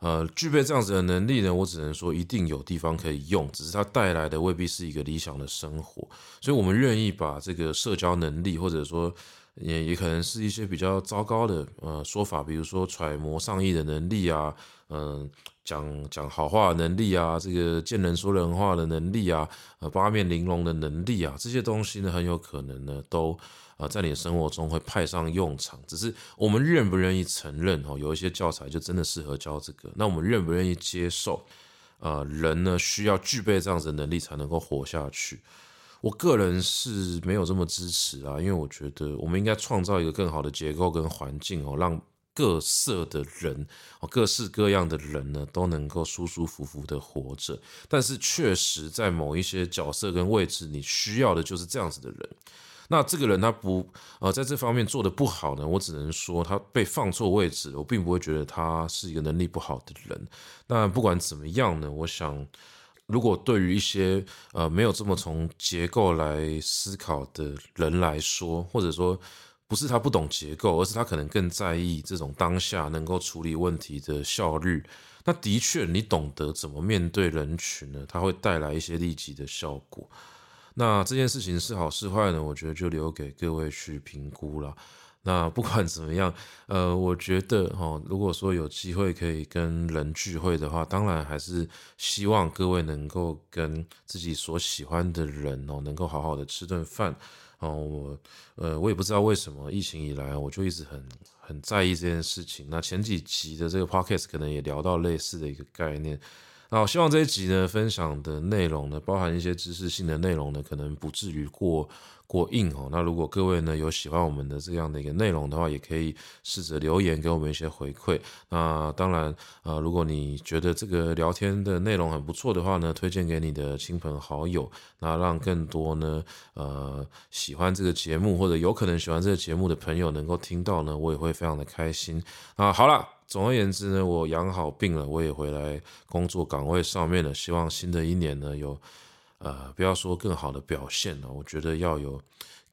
呃，具備這樣子的能力呢，我只能說一定有地方可以用，只是它帶來的未必是一個理想的生活。所以，我們願意把這個社交能力，或者說也也可能是一些比較糟糕的呃說法，比如說揣摩上意的能力啊，嗯、呃，講講好話的能力啊，這個見人說人話的能力啊，呃，八面玲瓏的能力啊，這些東西呢，很有可能呢都。啊、呃，在你的生活中會派上用場，只是我們願不願意承認哦，有一些教材就真的適合教這個。那我們願不願意接受？呃、人呢需要具備這樣子的能力才能夠活下去。我個人是沒有這麼支持啊，因為我覺得我們應該創造一個更好的結構跟環境哦，讓各色的人、各式各樣的人呢都能夠舒舒服服地活着。但是，確實在某一些角色跟位置，你需要的就是這樣子的人。那這個人他不呃，在這方面做得不好呢，我只能說他被放錯位置了，我並不會覺得他是一個能力不好的人。那不管怎麼樣呢，我想如果對於一些呃沒有這麼從結構來思考的人來說，或者說不是他不懂結構，而是他可能更在意這種當下能夠處理問題的效率，那的確你懂得怎麼面對人群呢，他會帶來一些利己的效果。那這件事情是好是壞呢？我覺得就留給各位去評估了。那不管怎麼樣，呃，我覺得哦，如果說有機會可以跟人聚會的話，當然還是希望各位能夠跟自己所喜歡的人哦，能夠好好的吃頓飯。哦，我呃，我也不知道為什麼疫情以來，我就一直很很在意這件事情。那前幾集的這個 podcast 可能也聊到類似的一個概念。那我希望這一集呢，分享的內容呢，包含一些知識性的內容呢，可能不至於過過硬哦。那如果各位呢，有喜歡我們的這樣的一個內容的話，也可以試着留言給我們一些回饋。那當然啊，呃，如果你覺得這個聊天的內容很不錯的話呢，推薦給你的親朋好友，那讓更多呢呃喜歡這個節目或者有可能喜歡這個節目的朋友能夠聽到呢，我也會非常的開心。啊，好了。總而言之呢，我養好病了，我也回來工作崗位上面了。希望新的一年呢，有呃，不要說更好的表現了，我覺得要有，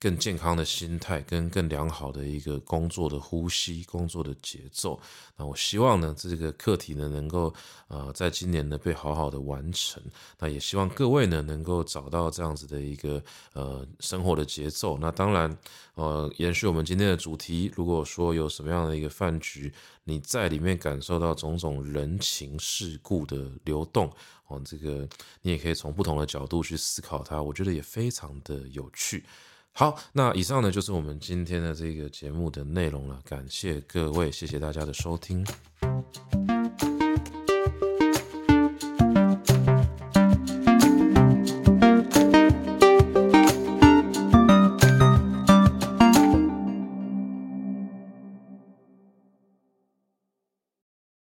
更健康的心態，跟更良好的一個工作的呼吸、工作的節奏。那我希望呢，這個課題呢，能夠呃，在今年呢，被好好的完成。那也希望各位呢，能夠找到這樣子的一個呃生活的節奏。那當然，呃，延續我們今天的主題，如果說有什麼樣的一個飯局，你在裡面感受到種種人情世故的流動，哦，這個你也可以從不同的角度去思考它，我覺得也非常的有趣。好，那以上呢，就是我們今天的這個節目的內容了。感謝各位，謝謝大家的收聽。